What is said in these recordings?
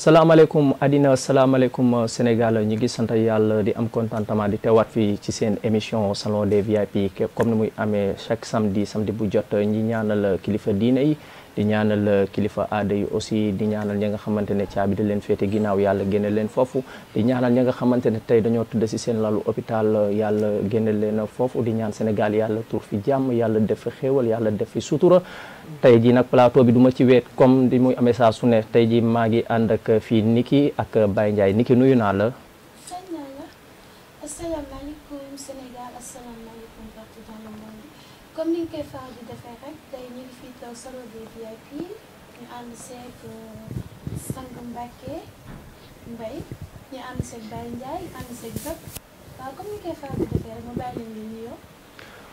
salaamaaleykum àddina salaamaaleykum euh, Sénégal ñu ngi sant yàlla di am contentement di teewaat fii ci seen émission salon des VIP képp comme ni muy amee chaque samedi samdi bu jot euh, ñi ñaanal euh, kilifa diine yi. di ñaanal euh, kilifa aada yi aussi di ñaanal ña nga xamante ne caabi da leen féete ginnaaw yàlla génne leen foofu di ñaanal ña nga xamante ne tey si seen lalu hôpital euh, yàlla génne leen foofu di ñaan Sénégal yàlla tur fi jàmm yàlla def fi xéewal yàlla def fi sutura tey ji nag plateau bi duma ci weet comme di muy amee saa su ne tey ji maa ngi ànd ak euh, fii Niki ak Baye Ndiaye Niki nuyu naa la salon des VIP ñu ànd seeg euh, sang Mbacke Mbaye ñu ànd seeg Baye Ndiaye ànd seeg Zak waaw comme ni koy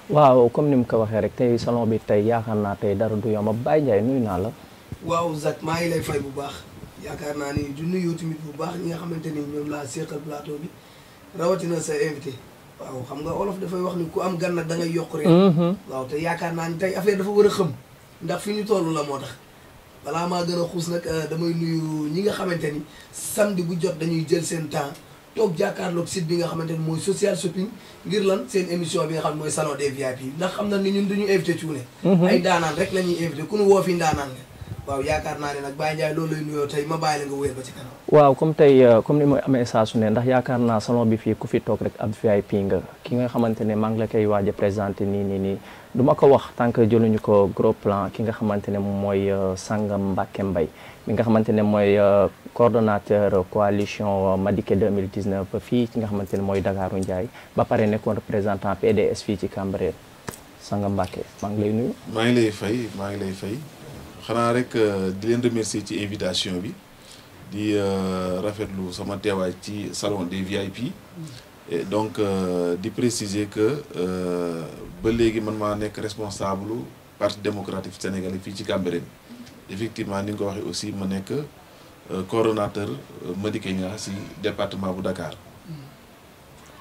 waaw comme ni mu ko waxee rek tey salon bi tey yaakaar naa tey dara du yomb baay Ndiaye nuyu naa la. waaw Zak maa ngi lay fay bu baax yaakaar naa ni du nuyoo tamit bu baax ñi nga xamante ni ñoom laa seqal plateau bi rawatina sa invité. waaw xam nga olof dafay wax ni ku am gan nag da ngay yokk rek. Mm-hmm. waaw te yaakaar naa ni tey affaire dafa war a xëm. ndax fi ñu toll la moo tax balaa maa gën a xuus nag euh, damay nuyu ñi nga xamante ni samedi bu jot dañuy jël seen temps toog jàkkaarloog site bi nga xamante ni mooy social shopping ngir lan seen émission bi nga xam ne mooy salon des VIP ndax xam na ni ñun duñu invité cuune mhm. ay daanaan rek la ñuy invité ku nu woo fi ndaanaan nga waaw yaakaar naa ne nag Baye Ndiaye loolu lay nuyoo waaw comme tey euh, comme ni mooy amee saa su ne ndax yaakaar naa salon bi fii ku fi toog rek ab VIP nga ki nga xamante ne maa ngi la koy waaj a présenté nii nii nii du ko wax tant que jëluñu ko gros ki nga xamante ne moom mooy euh, Sangam Mbacke mbay mi nga xamante ne mooy euh, coordonnateur coalition Madické 2019 fii ci nga xamante ne mooy Dakaru Ndiaye ba pare nekkoon représentant PDS fii ci Cambérène Sangam Mbacke maa ngi lay nuyu. maa lay fay maa ngi lay fay. xanaa rek euh, di leen remercier ci invitation bi di euh, rafetlu sama teewaay ci salon des VIP et donc euh, di préciser que ba léegi man maa nekk responsable parti démocratique sénégalais fii ci effectivement ni nga aussi ma nekk coordonnateur du si département bu Dakar.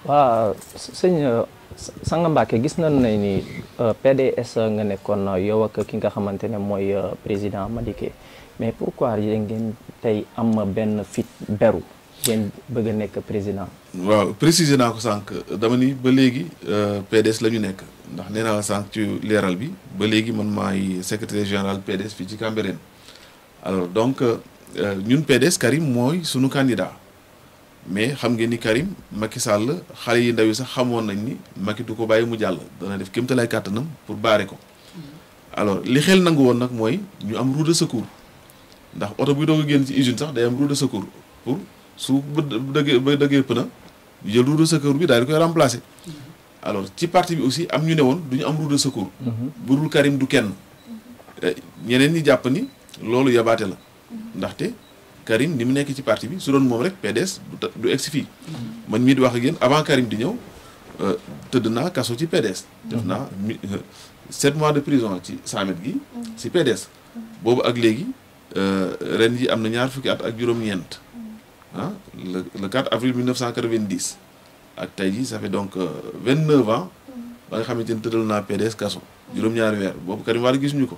waaw sëñ Sanga Mbacké gis na ne ni euh, PDS nga nekkoon euh, yow ak ki nga xamante ne mooy euh, président Madické mais pour quoi yéen ngeen tey am benn fit beru ngeen bëgg a nekk président. waaw préciser naa ko sànq dama ni ba léegi PDS la ñu nekk ndax nee naa sànq ci leeral bi ba léegi man maay secrétaire général PDS fii ci Cambérène alors donc ñun PDS Karim mooy sunu candidat. mais xam ngeen ni Karim Macky Sall xale yi ndaw yi sax xamoon nañ ni Macky du ko bàyyi mu jàll dana def kem kéem tolluwaay kàttanam pour baare ko. Mm-hmm. alors li xel nangu woon nag mooy ñu am roue de ndax oto bi doo a génn ci usine sax day am roue de secours pour su ba dëggee ba dëggee pëna ñu jël roue de secours bi daal di koy remplacer. Mm-hmm. alors ci parti bi aussi am ñu ne woon du ñu am roue de secours. Mm-hmm. bu dul Karim du kenn. Eh, ñeneen ñi jàpp ni loolu yabaate la. ndaxte. Karim ni mu nekk ci parti bi su doon moom rek PDS du egsi fii man mii di wax ak yéen avant Karim di ñëw euh, tëdd naa kaso ci PDS def naa euh, sept mois de prison ci 100 mètres gi ci PDS boobu ak léegi euh, ren yi am na ñaar fukki at ak juróom-ñeent ah le le 4 avril 1990 ak tey ji ça fait donc 29 ans ba nga xamante ni tëddal naa PDS kaso juróom-ñaari weer boobu Karim Wade gisuñu ko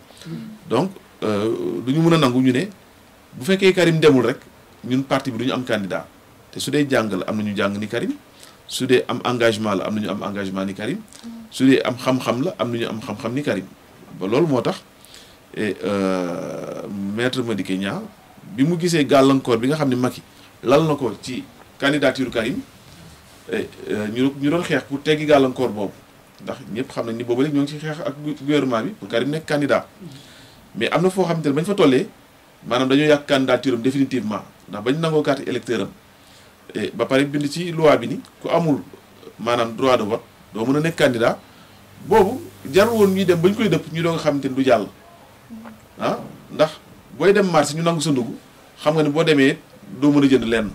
donc du ñu mën a nangu ñu ne bu fekkee Karim demul rek ñun parti bi du ñu am candidat te su dee jàng la am na ñu jàng ni Karim su dee am engagement la am na ñu am engagement ni Karim su dee am xam-xam la am na ñu am xam-xam ni Karim ba loolu moo tax euh, maître Madické Niang bi mu gisee gàllankoor bi nga xam ne Macky lal na ko ci candidature Karim euh, ñu ñu doon xeex pour teggi gàllankoor boobu ndax ñëpp xam nañ ni boobu léegi ñoo ngi ci xeex ak gouvernement bi pour Karim nekk candidat mais am na foo xam ne bañ fa tollee. manam dañu yak candidature définitivement ndax bañ nango carte électeur am eh, ba pare bind ci loi bi ni ku amul manam droit de vote do meuna nek candidat bobu jar won ñuy dem bañ koy depp ñu do nga xamanteni du jall ah ndax boy dem marché ñu nang sa ndugg xam nga ni bo démé do meuna jënd lenn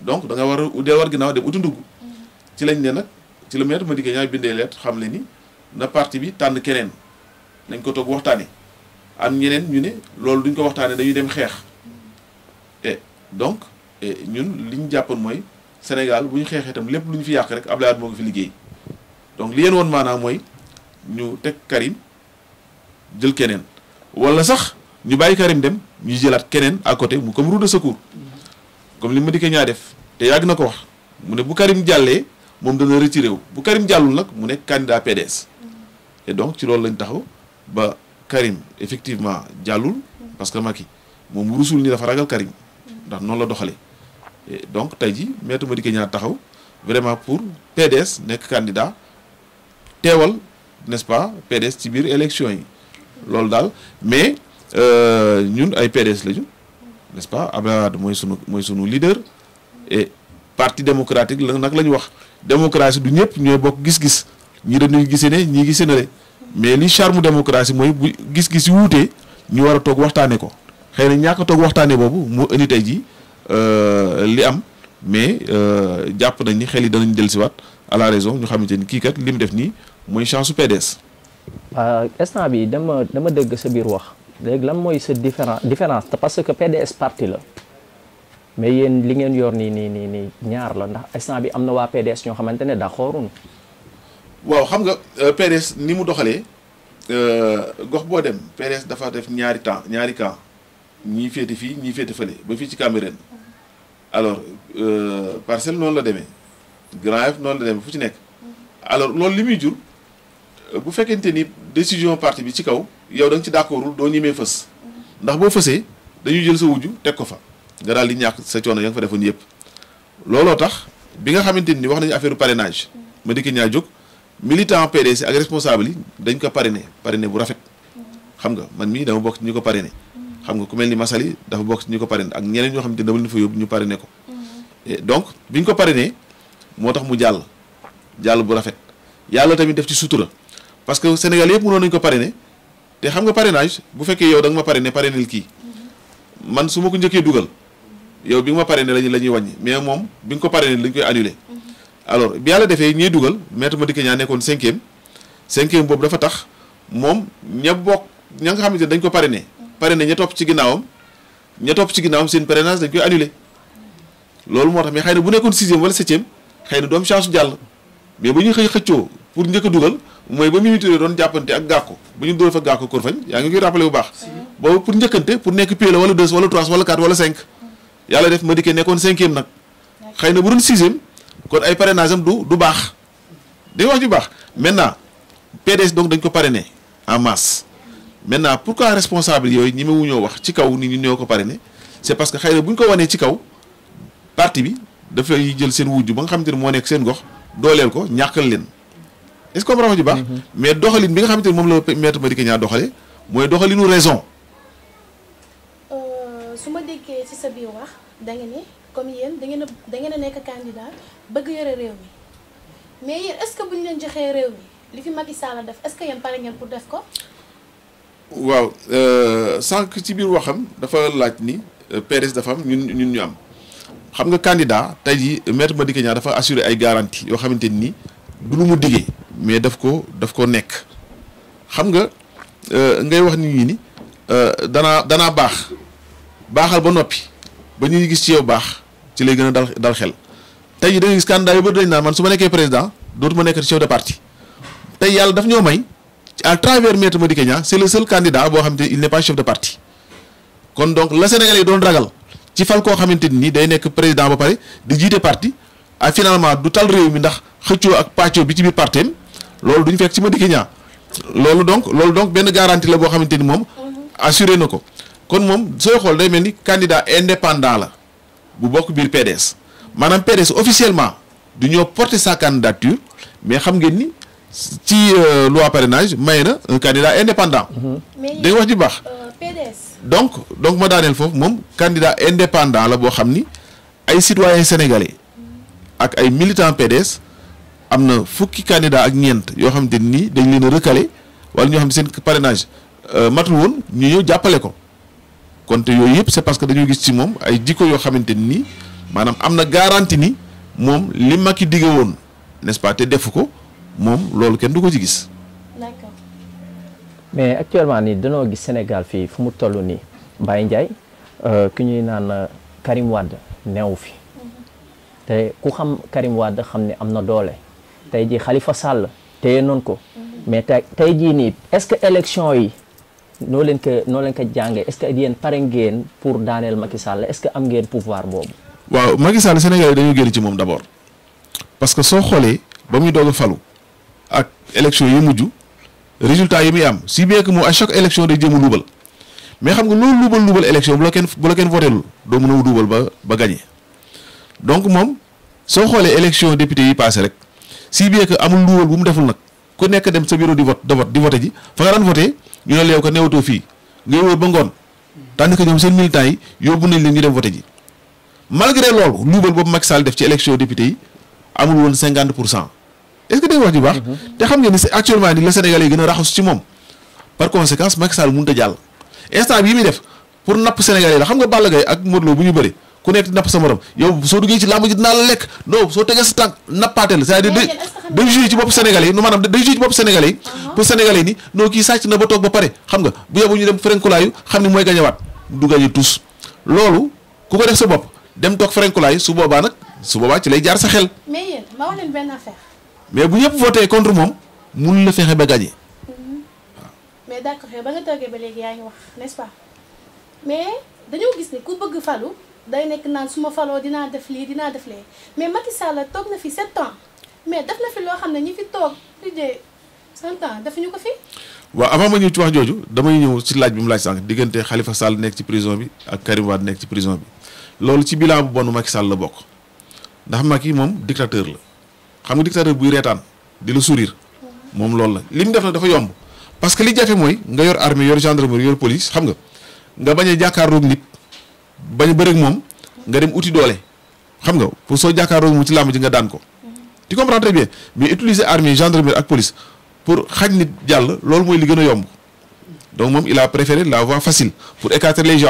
donc da nga war u deel war ginaaw dem uti ndugg ci lañ né nak ci le maître Madické ñay bindé lettre xam le ni na parti bi tan keneen nañ ko tok waxtani am ñeneen ñu ne loolu duñ ko waxtaanee dañuy dem xeex et donc ñun li ñu jàppoon mooy Sénégal bu ñu xeexee itam lépp lu ñu fi yàq rek Abdoulaye Wade moo ko fi liggéey donc li yéen woon maanaam mooy ñu teg Karim jël keneen wala sax ñu bàyyi Karim dem ñu jëlaat keneen à côté mu comme roue de secours comme li ma dikkee ñaa def te yàgg na ko wax mu ne bu Karim jàllee moom dana retiré wu bu Karim jàllul nag mu nekk candidat PDS donc ci loolu lañ taxaw ba. Karim effectivement jàllul parce que Macky moom rusul ni dafa ragal Karim ndax noonu la doxalee donc tey ji Maître Madické Niang taxaw vraiment pour PDS nekk candidat teewal n'est-ce pas PDS ci biir élection yi loolu daal mais euh, ñun ay PDS lañu n'est-ce pas Abdoulaye mooy sunu mooy sunu leader e parti démocratique la nag la ñu wax démocratie du ñëpp ñooy bokk gis-gis ñi dañuy gisee ne ñii gisee na le mais li charme démocratie mooy bu gis-gis yu wuutee ñu war a toog waxtaanee ko xëy na ñàkk a toog waxtaanee boobu mu indi tey ji euh, li am mais euh, jàpp nañ ni xel yi danañ jël si waat à la raison ñu xamante ni kii kat li mu def nii mooy chance su PDS. Euh, instant bi dama dama dégg sa biir wax léegi lan mooy sa différen différence parce que PDS parti la mais yéen li ngeen yor nii nii nii nii ñaar la ndax instant bi am na waa PDS ñoo xamante ne daa xooruñu waaw xam nga euh, PDS ni mu doxalee euh, gox boo dem PDS dafa def ñaari temps ñaari camp ñii féete fii ñii féete fa fële ba fii ci Cambérène alors euh, parcelle noonu la demee Grand Yoff noonu la demee fu ci nekk alors loolu li muy jur bu fekkente ni décision parti bi ci kaw yow da nga ci d'accordul doo ñemee fës ndax boo fësee dañuy jël sa wujju teg ko fa nga daal di ñàkk sa coono ya nga fa defoon yëpp looloo tax bi nga xamante ni wax nañu affaire parrainage ma dikki jóg militant PDS ak responsable yi dañ ko parrainé ne bu rafet xam nga man mii dama bokk ci ñu ko ne xam nga ku mel ni Massaly dafa bokk ci ñu ko parrainé ak ñeneen ñoo xam ne dama leen fa yóbbu ñu parrainé ko donc bi ñu ko parrainé moo tax mu jàll jàll bu rafet yàlla tamit def ci sutura parce que Sénégal yëpp mënoon nañu ko pare ne te xam nga parrainage bu fekkee yow da nga ma parrainé parrainé kii man su ma ko njëkkee dugal yow bi nga ma parrainé lañu la ñuy wàññi mais moom bi nga ko parrainé dañ koy annulé alors bi yàlla defee ñiy dugal maître Madické Niang nekkoon cinquième cinquième boobu dafa tax moom ña bokk ña nga xamante ne dañ ko parrainé parrainé ña topp ci ginnaawam ña topp ci ginnaawam seen parrainage dañ koy annulé loolu moo tax mais xëy na bu nekkoon sixième wala septième xëy na du am chance jàll mais bu ñu xëy xëccoo pour njëkk a dugal mooy ba minute Touré doon jàppante ak gàkko bu ñu doon fa gàkko kor fañ yaa ngi koy rappelé bu baax boobu pour njëkkante pour nekk pile wala deux wala trois wala quatre wala cinq yàlla def ma Madické nekkoon cinquième nag xëy na bu doon sixième kon ay parrainage am du du baax wax ju baax maintenant PDS donc dañ ko parrainé en masse maintenant pourquoi responsable yooyu ñi ma wuñoo wax ci kaw ni ñu ñoo ko parrainé c'est parce que xëy na bu ñu ko wanee ci kaw parti bi dafay jël seen wujj ba nga xamante ne moo nekk seen gox dooleel ko ñàkkal leen est-ce que comprendre ju baax mhm. mais doxalin bi nga xamante ne moom la maître Madické doxale mooy doxalinu raison euh, su ma déggee ci sa biir wax da ngeen ni comme yéen da ngeen a da ngeen a nekk candidat bëgg yore réew mi mais yéen est-ce que bu leen joxee réew mi li fi Macky Sall def est-ce que yéen pare ngeen pour def ko. waaw euh, sànq ci biir waxam dafa laaj ni euh, PDS dafa am ñun ñun ñu am xam nga candidat tey jii maître Madické dafa assurer ay garantie ni du lu mu mais daf ko daf ko nek xam nga euh, ngay wax nit ñi ni dana danaa baax baaxal ba ba ñuy gis ci yow baax ci lay gën a dal dal xel tey da ngay gis candidat yu bëri dañ naan man su ma nekkee président dootuma nekk chef de parti tey yàlla daf ñoo may à travers Maître Madické Niang c'est le seul candidat boo xam ne n'est pas chef de kon donc la Sénégalais yi doon ragal ci fal koo xamante ni day nekk président ba pare di jiite parti ah finalement du tal réew mi ndax xëccoo ak pàccoo bi ci biir parti am loolu duñ fekk ci Madické Niang loolu donc loolu donc benn garantie la boo xamante ni moom mhm. assuré na ko kon moom sooy xool day mel ni candidat indépendant la bu bokk biir PDS maanaam PDS officiellement du ñoo porter sa candidature mais xam ngeen ni ci euh, loi parrainage may na candidat indépendant. Mhm. da nga wax ji baax. Euh, donc donc ma daaneel foofu moom candidat indépendant la boo xam ni ay citoyens sénégalais ak ay militants PDS am na fukki candidat ak ñeent yoo xamante ni dañ leen a recalé wala ñoo xam seen parrainage euh, matul woon ñu ñëw jàppale ko. kon te yooyu yëpp c'est parce que dañoo gis ci moom ay jikko yoo xamante ni maanaam am na garantie ni moom li Macky dige woon n'est-ce defu ko moom loolu kenn du ko si gis. mais actuellement ni danoo gis Sénégal fii fu mu toll nii Mbaye Ndiaye euh, ki ñuy naan euh, Karim Wade neewu fi mm-hmm. te ku xam Karim Wade xam ne am na doole tey jii xalifa Sall te noonu ko mm-hmm. mais tey tey jii nii est-ce que élection yi. noo leen ko noo ko jàngee est-ce que yéen pare ngeen pour daaneel Macky Sall est-ce que am ngeen pouvoir boobu. waaw Macky Sall Sénégal yi dañu génn ci moom d'abord parce que soo xoolee ba muy doog a falu ak élection yi mujj résultat yi muy am si bien que moom à chaque élection day jéem a luubal mais xam nga loolu luubal luubal élection bu la kenn bu la kenn voteelul doo mën a duubal ba ba donc moom soo xoolee élection député yi passé rek si bien que amul luubal bu mu deful nag ku nekk dem sa bureau di vote di vote di vote ñu ne la yow ko newatoo fii ngay wër ngoon tandis ñoom seen militants yi yóbbu nañ leen ñu dem voté ji malgré loolu luubal boobu Macky Sall def ci élection député yi amul woon cinquante pour cent est wax ju baax. Mhm. te xam ngeen ni actuellement nii la Sénégalais yi gën a raxas ci moom. par conséquence Macky Sall mënut a jàll instant yi muy def pour napp Sénégalais la xam nga Balla Gaye ak Modou bu ñu bëri. ku nekk napp sa morom yow soo duggee ci làmb ji dinaa la lekk non soo tegee sa tànk nappaate la c'est-à-dire day day joué ci bopp sénégalais yi nu maanaam day joué ci bopp sénégalais yi uh-huh. pour sénégalais yi ni non kii sàcc na ba toog ba pare xam nga bu yobu ñu dem frenkulaayu xam ni mooy gañewaat du gañe tous loolu ku ko def sa bopp dem toog frenkulaayu su boobaa nag su boobaa ci lay jaar sa xel mais yéen ma wax leen bu ñëpp voté contre moom mun la fexe ba gañe waaw mm-hmm. mais d'accord ba nga toogee day nekk naan su ma faloo dinaa def lii dinaa def lee mais Macky Sall toog na fi sept ans mais def na fi loo xam ne ñi fi toog plus de cent ans defuñu ko fi. waaw avant ma ñëw ci wax jooju damay ñëw ci laaj bi mu laaj sànq diggante xalifa Sall nekk ci prison bi ak Karim Wade nekk ci prison bi loolu ci bilan bu bon Macky Sall la bokk ndax Macky moom dictateur la xam nga dictateur buy reetaan di la sourire moom loolu la li mu def nag dafa yomb parce que li jafe mooy nga yor armée yor gendarmerie yor police xam nga nga bañ a jàkkaarloog nit. bañ a moom nga dem uti doole xam nga pour soo jàkkaarloo moom ci làmb ji nga daan ko. tu comprends très bien mais utiliser armée gendarmerie ak police pour xañ nit jàll loolu mooy li gën a yomb. donc moom il a préféré la voie facile pour écarter les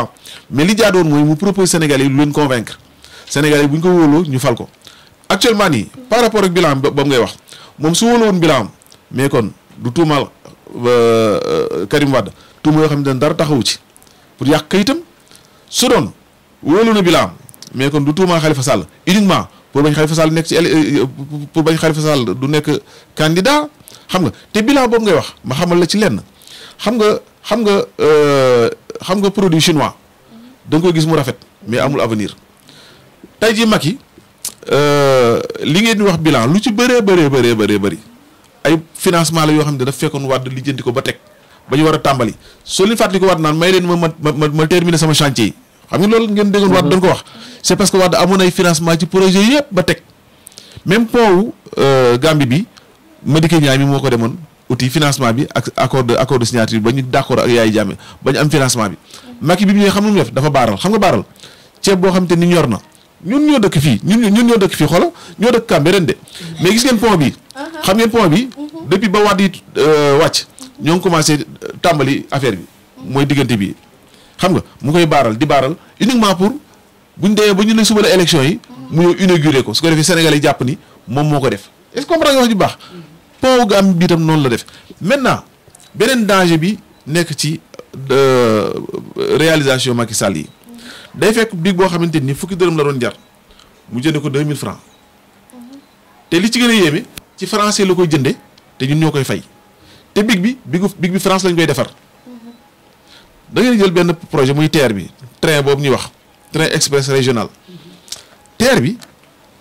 mais li jaadoon mooy mu propose Sénégalais yi lu leen convaincre Sénégalais bu ñu ko wóoloo ñu fal ko. actuellement nii par rapport ak bilan ba ngay wax moom su wóolu woon bilan mais kon du tuumaal euh, Karim Wade tuuma yoo xam ne dara taxawu ci pour yàq kayitam su doon woo na bilan mais kon du tuumaa Khalifa Sall uniquement pour bañ Khalifa Sall nekk ci euh, euh, pour bañ Khalifa Sall du nekk kandidaa xam nga te bilan boobu ngay wax ma xamal la ci lenn xam nga xam nga euh, xam nga produit chinois danga nga koy gis mu rafet mais amul avenir tey jii Macky li ngeen di wax bilan lu ci bëree bëree bëree bëree bëri ay financement la yoo xam ne daf fekkoon wàdd lijjanti ko ba teg ba ñu war a tàmbali soo leen fàttali ko waat naan may leen ma ma ma terminer sama chantier yi. xam nga loolu ngeen déggoon waat mhm. doon ko wax c' est parce que waat amoon ay financement ci projet yëpp ba teg même pont wu euh, Gambie bi Madické Niang mi moo ko demoon outil financement bi ak accord de accord de signature bi ba ñu d' accord ak Yaya Jammeh ba ñu am financement bi mhm. Macky bi mu ñëwee xam nga mu def dafa baaral xam nga baaral ceeb boo xam te ni ñor na ñun ñoo dëkk fii ñun ñun ñoo dëkk fii xoolal ñoo dëkk kàmbe ren de mhm. mais gis ngeen pont bi uh-huh. xam ngeen pont bi depuis ba waat yi euh, wàcc ñoo ngi commencé euh, tàmbali affaire bi mooy diggante bi xam nga mu koy baral di baral uniquement pour buñ demee buñu ñu ne suba élection yi mu ñu inauguré ko su ko défé sénégalais japp ni mom moko def est ce comprendre ñu bax pau gam bi tam non la def maintenant benen danger bi nek ci de euh, réalisation Macky Sall yi day fekk big bo xamanteni fukki deureum la doon jar mu jënd ko 2000 francs té li ci gëna yémi ci français la koy jëndé té ñun ñoo fay té big bi big bi France lañ koy défar da ngeen jël benn projet muy terre bi train boobu ñuy wax train express régional terre bi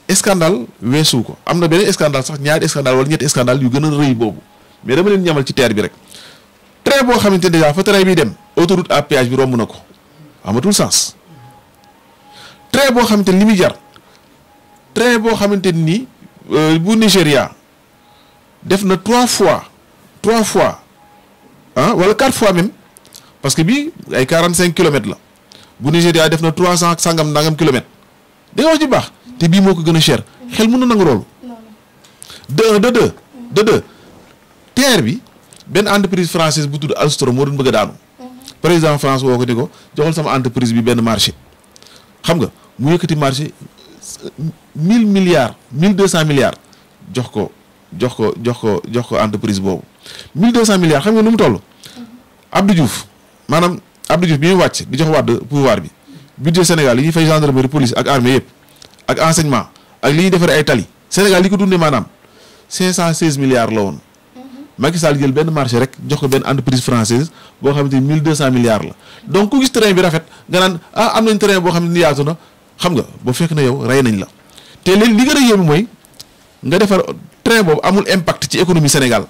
scandale weesu ko am na beneen scandale sax ñaari scandale wala ñetti scandale yu gën a rëy boobu mais dama leen ñamal ci terre bi rek train boo xamante ne déjà fa train bi dem autoroute à péage bi romb na ko amatul sens train boo xamante ni li muy jar train boo xamante ni euh, bu nigeria def na trois fois trois fois ah wala quatre fois même parce que bi ay 45 km la bu nigeria def na 300 ak sangam nangam km di nga wax ci bax te bi moko gëna cher xel mën na nangu loolu. de de de de de terre bi ben entreprise française bu tudd alstrom mo doon bëgg daanu. président France woko diko joxol sama entreprise bi ben marché xam nga mu yëkëti marché 1000 milliards 1200 milliards jox ko jox ko jox ko jox ko entreprise bobu 1200 milliards xam nga numu tollu Abdou Diouf. maanaam Abdou Diouf bi ñuy wàcc di jox wàdd pouvoir bi budget Sénégal li ñuy fay gendarmerie police ak armée yëpp ak enseignement ak li ñuy defaree ay tali Sénégal li ko dundee maanaam 516 milliards la woon. Macky Sall jël benn marché rek jox ko benn entreprise française boo xam ni 1200 milliards la donc ku gis terrain bi rafet nga naan ah, am nañ terrain boo xam ne yaatu na xam nga ba fekk na yow rey nañ la te léegi li gën a yéemu mooy nga defar terrain boobu amul impact ci économie Sénégal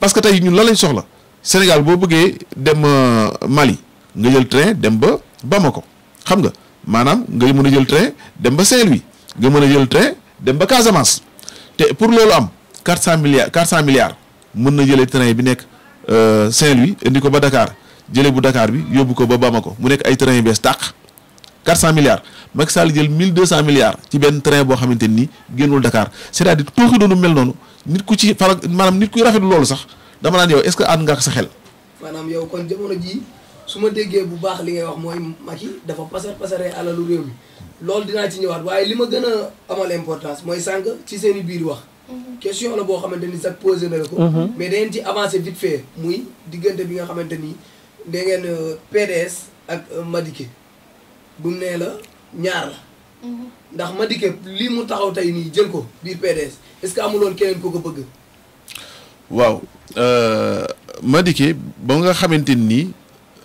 parce que tey ñun lan lañ soxla. Sénégal bo bëggee dem euh, Mali nga jël train dem ba Bamako xam nga manam nga mën jël train dem ba Saint-Louis nga mëna jël train dem ba Casamance te pour lolu am 400 milliards 400 milliards mëna na train bi euh Saint-Louis indi ko ba Dakar jëlé bu Dakar bi yobbu ko ba Bamako mu nek ay train yu tak 400 milliards Macky Sall jël 1200 milliards ci ben train bo xamanteni gënul Dakar c'est-à-dire tooxi doonu mel nonu, nit ku ci manam nit ku rafet lolu sax. dama naan yow est-ce que ànd nga ak sa xel. maanaam yow kon jamono jii su ma déggee bu baax li ngay wax mooy Macky dafa pasar pasaree alalu réew mi loolu dinaa ci ñëwaat waaye li ma gën a amal importance mooy sànq ci seen i biir wax. Mhm. question la boo xamante ni sa posé na la ko. Mhm. mais da ngeen ci avancé vite fait muy diggante bi nga xamante ni da ngeen euh, PDS ak euh, Madické bu mu la ñaar la. Mhm. ndax Madické lii mu taxaw tey nii jël ko biir PDS est-ce que amuloon keneen ko ko bëgg. waaw. Euh, Madické ba nga xamante ni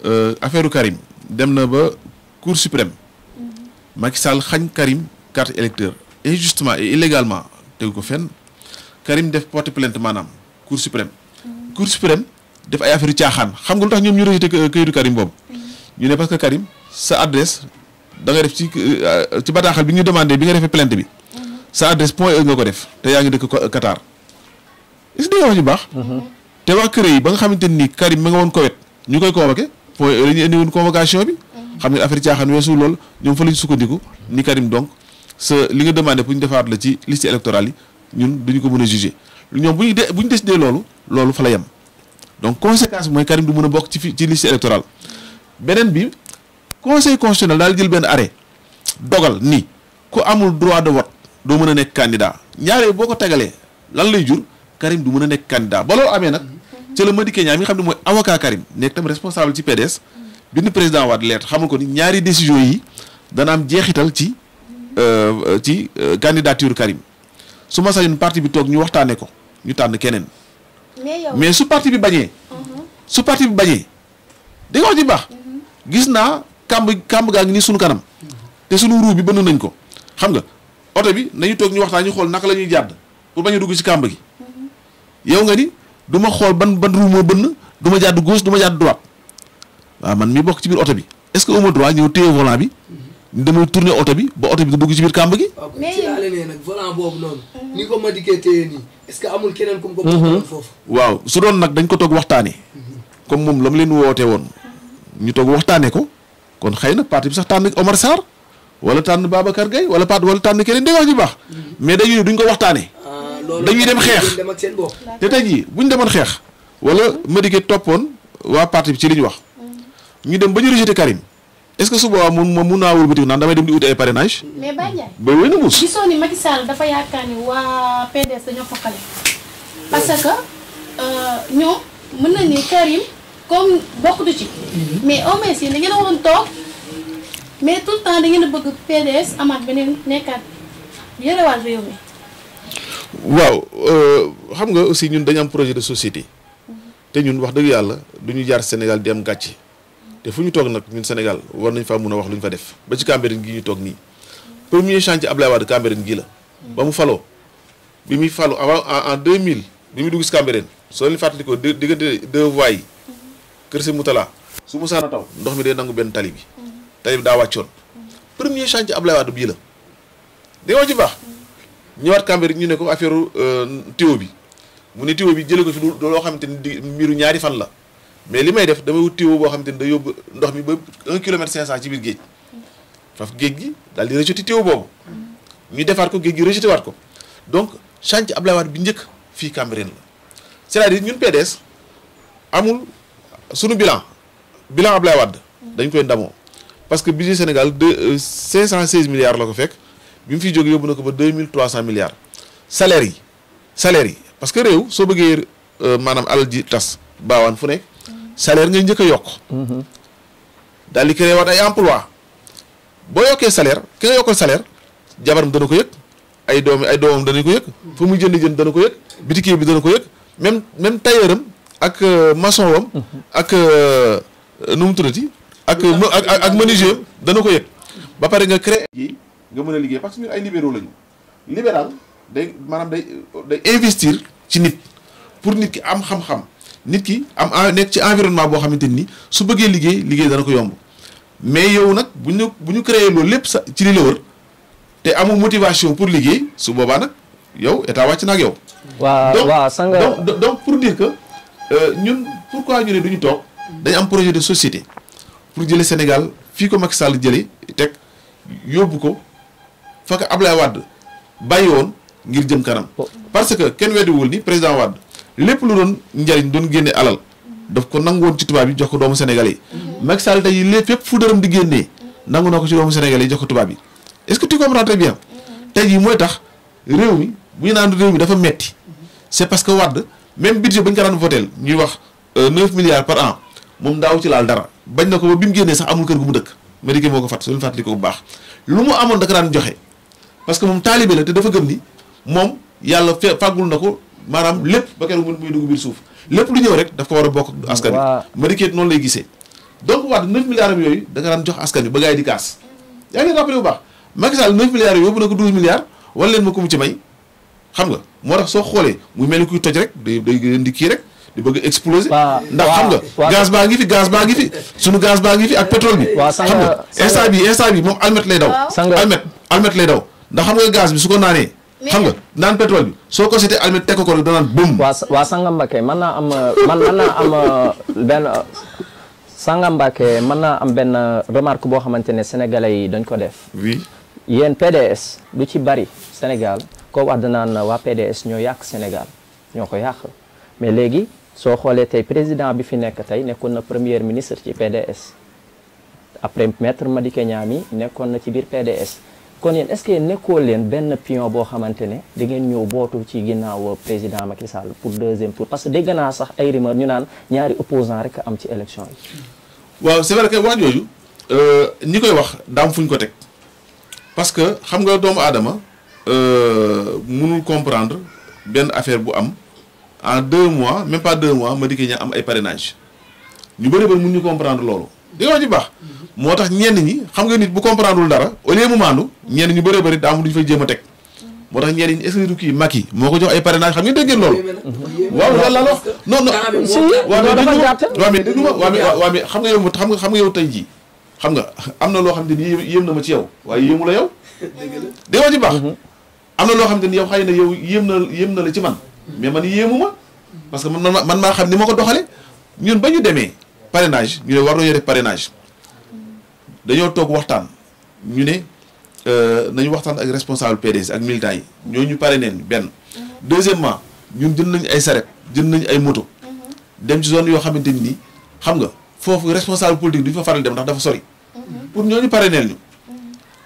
euh, affaire Karim dem na ba Cour suprême mm-hmm. Macky Sall xañ Karim carte électeur injustement et illégalement tegu ko fenn Karim def porte plainte maanaam Cour suprême. Mm-hmm. Cour suprême def ay affaire yu caaxaan xam nga lu tax ñoom ñu rejeté këyitu Karim boobu. Mm-hmm. ñu ne parce que Karim sa adresse da nga def ci euh, ci bataaxal bi ñu demandé bi nga defee plainte bi. sa adresse point e nga ko def te yaa ngi dëkk Qatar est-ce wax ju baax. te waa kër yi ba nga xamante ni Karim ma nga woon Koweït ñu koy convoqué point la ñu indi woon convocation bi. xam ne affaire caaxaan weesu lool ñoom fa la ñu sukkandiku. ni Karim donc sa li nga demande pour ñu defaat la ci liste électorale yi ñun duñu ko mën a jugé ñoom bu ñu de bu ñu des dee loolu loolu fa la yem. donc conséquence mooy Karim du mën a bokk ci fi ci liste électorale beneen bi conseil constitutionnel daal jël benn arrêt dogal ni ku amul droit de vote doo mën a nekk candidat ñaareel boo ko tegalee lan lay jur. Karim du mën nek nekk candidat ba loolu amee nag ci la Madické Niang mi xam avocat Karim nekk tam responsable ci PDS bind président Wade lettre xamal ko ni ñaari décision yi dana am jeexital ci euh, ci euh, candidature Karim su ma parti bi toog ñu waxtaanee ko ñu tànn keneen. mais su parti bi mhm. su parti bi bañee di nga wax ci baax. Mhm. gis naa kàmb kàmb gaa ngi nii sunu kanam te sunu ruu bi bënn nañ ko xam nga oto bi nañu toog ñu waxtaan ñu pour dugg ci gi yow nga ni duma xol ban ban roue moo bënn du ma gauche duma jadd droite wa man mi bok ci bir auto bi est ce que au moins droit ñëw téye volant bi dama tourner auto bi ba auto bi du dugg ci bir kamb gi. Ah, mais ci laale né nak volant bobu non ah. ni ko ma diké téye ni est ce que amul kenen kum ko mhm. bokkoon fofu waaw su doon nak dañ ko tok waxtaanee. Mhm. comme mom lam leen wootee won ñu tok waxtaanee ko kon xeyna parti bi sax tan Omar sar wala tan Babacar Gueye wala pat wala tan keneen di wax ñu baax. Mhm. mais dañu duñ ko waxtaanee dañuy dem xeex te tey jii bu ñu demoon xeex wala Madické toppoon waa parti bi ci li ñu wax ñu dem ba ñu rejeté Karim est-ce que su boobaa moom moom mun naa wëlbatiku naan damay dem di uti ay parrainage. mais Baye Ndiaye. ba wéy na muus. gisoo ni Macky Sall dafa yaakaar ni waa PDS dañoo foqale. parce que euh, ñoom mën na ni Karim comme bokkutu ci. mais au moins yéen da ngeen a waroon toog mais tout le temps da ngeen bëgg PDS amaat beneen nekkaat yorewaat réew mi waaw euh, xam nga aussi ñun dañu am projet de société mm-hmm. te ñun wax dëgg yàlla duñu jaar Sénégal di am gàcce mm-hmm. te fu ñu toog nag ñun Sénégal war nañ faa mun a wax luñ fa def ba ci Cambérène gi ñu toog nii premier chantier Ablaye Wade Cambérène gii la mm-hmm. ba mu faloo bi muy falu avant en 2000 bi muy dugg si Cambérène soo leen fàttalikoo diggante deux voies yi Kër si mutala su mu saana taw ndox mi day nangu benn tali bi tali bi daa wàccoon premier chantier Ablaye Wade bii la dégg nga ci baax ñëwaat Cambérène ñu ne ko affaire euh, tuyau bi mu ne tuyau bi jëlee ko fi do loo xamante ni di mbiru ñaari fan la mais li may def dama wut tuyau boo xamante ni day yóbbu ndox mi ba un kilomètre cinq cent ci biir géej faf géej gi daal di rejeté tuyau boobu ñu defaat ko géej gi rejeté waat ko donc chantier Abdoulaye Wade bi njëkk fii Cambérène la c'est-à-dire ñun PDS amul sunu bilan bilan Abdoulaye Wade dañ koy ndamoo parce que budget Sénégal de 516 euh, milliards la ko fekk bi mu fi jóge yóbbu na ko ba 2300 milliards salaire yi salaire yi parce que réew soo bëggee euh, maanaam alal ji tas baawaan fu nekk salaire ngay njëkk a yokk mhm. daal di créé waat ay emploi boo yokkee salaire ki nga yokkal salaire jabaram dana ko yëg ay doomi ay doomam dana ko yëg fu muy jënd jënd dana ko yëg bi dana ko yëg même même tailleuram ak euh, maçon wam mhm. ak euh, nu mu ak ak ak menuisier dana ko yëg ba pare nga créé nga mën a liggéey parce que ñun ay libéraux lañu libéral day maanaam day day investir ci nit pour nit ki am xam-xam nit ki am nekk ci environnement boo xamante ni su bëggee liggéey liggéey dana ko yomb mais yow nag bu ñu bu ñu créé loolu lépp sa ci li te amoo motivation pour liggéey su boobaa nag yow état wàcc na ak yow. waaw waaw sang donc donc pour dire que euh, ñun pourquoi ñu ne du ñu toog dañu am projet de société pour jëlee Sénégal fii ko mag Sall jële teg yóbbu ko. fa ablay wad bayon ngir jëm kanam. Oh. parce que wedi wul ni président wad lepp lu doon njariñ doon génne alal daf ko nangoon ci tubaab yi jox ko doomu sénégalais yi. Mhm. Macky Sall tey lépp yëpp fu dërëm di génnee mhm. nangu nako ci doomu sénégalais jox ko tubaab yi est-ce que tu comprends très bien mhm. tay jii tax réew mi bu ñu naan réew mi dafa metti c'est parce que wad même budget ba ko daan voté ñuy wax 9 euh, milliards par an mom daaw ci laal dara bañ nako ko ba sax amul kër gu mu dëkk mais moo ko fàtt suñu fàttali ko bu baax lu mu amoon da ka daan joxe. parce que moom taalibe la te dafa gëm ni moom yàlla fe fàggul na ko maanaam lépp ba keroog mu muy dugg biir suuf lépp lu ñëw rek daf ko war a bokk askan wi Madické noonu lay gisee donc waat milliards yooyu da nga daan jox askan wi ba gars yi di kaas yaa ngi rappelé bu baax Macky Sall neuf milliards yooyu yóbbu na milliards wala leen ma ko mu ci may xam nga moo tax soo xoolee mu mel ni kuy toj rek day day leen di kii rek di bëgg exploser ndax xam nga gaz baa ngi gaz baa ngi fi sunu gaz baa ngi fi ak pétrole bi xam nga instant bi instant bi moom almet lay daw almet almet lay daw ndax xam nga gaz bi su ko naanee. xam nga naan pétrole bi soo ko seetee almet teg ko danaan bum. waa waa Sanga naa am man naa am euh, benn Sanga man naa am benn remarque boo xamante ne sénégalais yi dañ ko def. oui yéen PDS lu ci bari Sénégal koo wax danaan waa PDS ñoo yàq Sénégal ñoo ko yàq mais léegi soo xoolee tey président bi fi nekk tey nekkoon na premier ministre ci PDS après maître Madické Niang mi nekkoon na ci biir PDS. kon yéen est-ce que yéen nekkoo leen benn pion boo xamante ne da ngeen ñëw bootu ci ginnaaw président Macky Sall pour deuxième tour parce que dégg naa sax ay rumeur ñu naan ñaari opposant rek am ci élection yi. waaw c'est vrai que wax euh, ñi koy wax daam fuñ ko teg parce que xam nga doomu aadama euh, mënul comprendre benn affaire bu am en deux mois même pas deux mois ma dikkee ña am ay parrainage ñu bëri bëri mun ñu comprendre loolu. di nga wax baax moo tax ñenn ñi xam nga nit bu comprendre dara au lieu mu maandu ñu bëree bëri daa am ñu fay jéem a teg moo tax ñenn ñi est-ce que du kii Macky moo ko jox ay parrainage xam ngeen dégg ngeen loolu waaw loolu la la non non waaw mais déglu ma waaw mais waaw mais xam nga yow xam yow tey jii xam nga am na loo xam te ni yéem na ma ci yow waaye yéemu la yow dégg ma ci baax mhm. am na loo xam te ni yow xëy na yow yéem na yéem na la ci man mais man yéemu ma parce que man man maa xam ni ma ko doxale ñun ba ñu demee parrainage ñu ne war nañoo def parrainage dañoo toog waxtaan ñu ne euh, nañu waxtaan ak responsable PDS ak militants yi ñoo ñu pare neen benn. Mhm. deuxièmement ñun jënd nañu ay saret jënd nañu ay moto. Mhm. dem ci zone yoo xamante ni xam nga foofu responsable politique du ñu fa faral dem ndax dafa sori. Mhm. pour ñoo ñu pare neen ñu.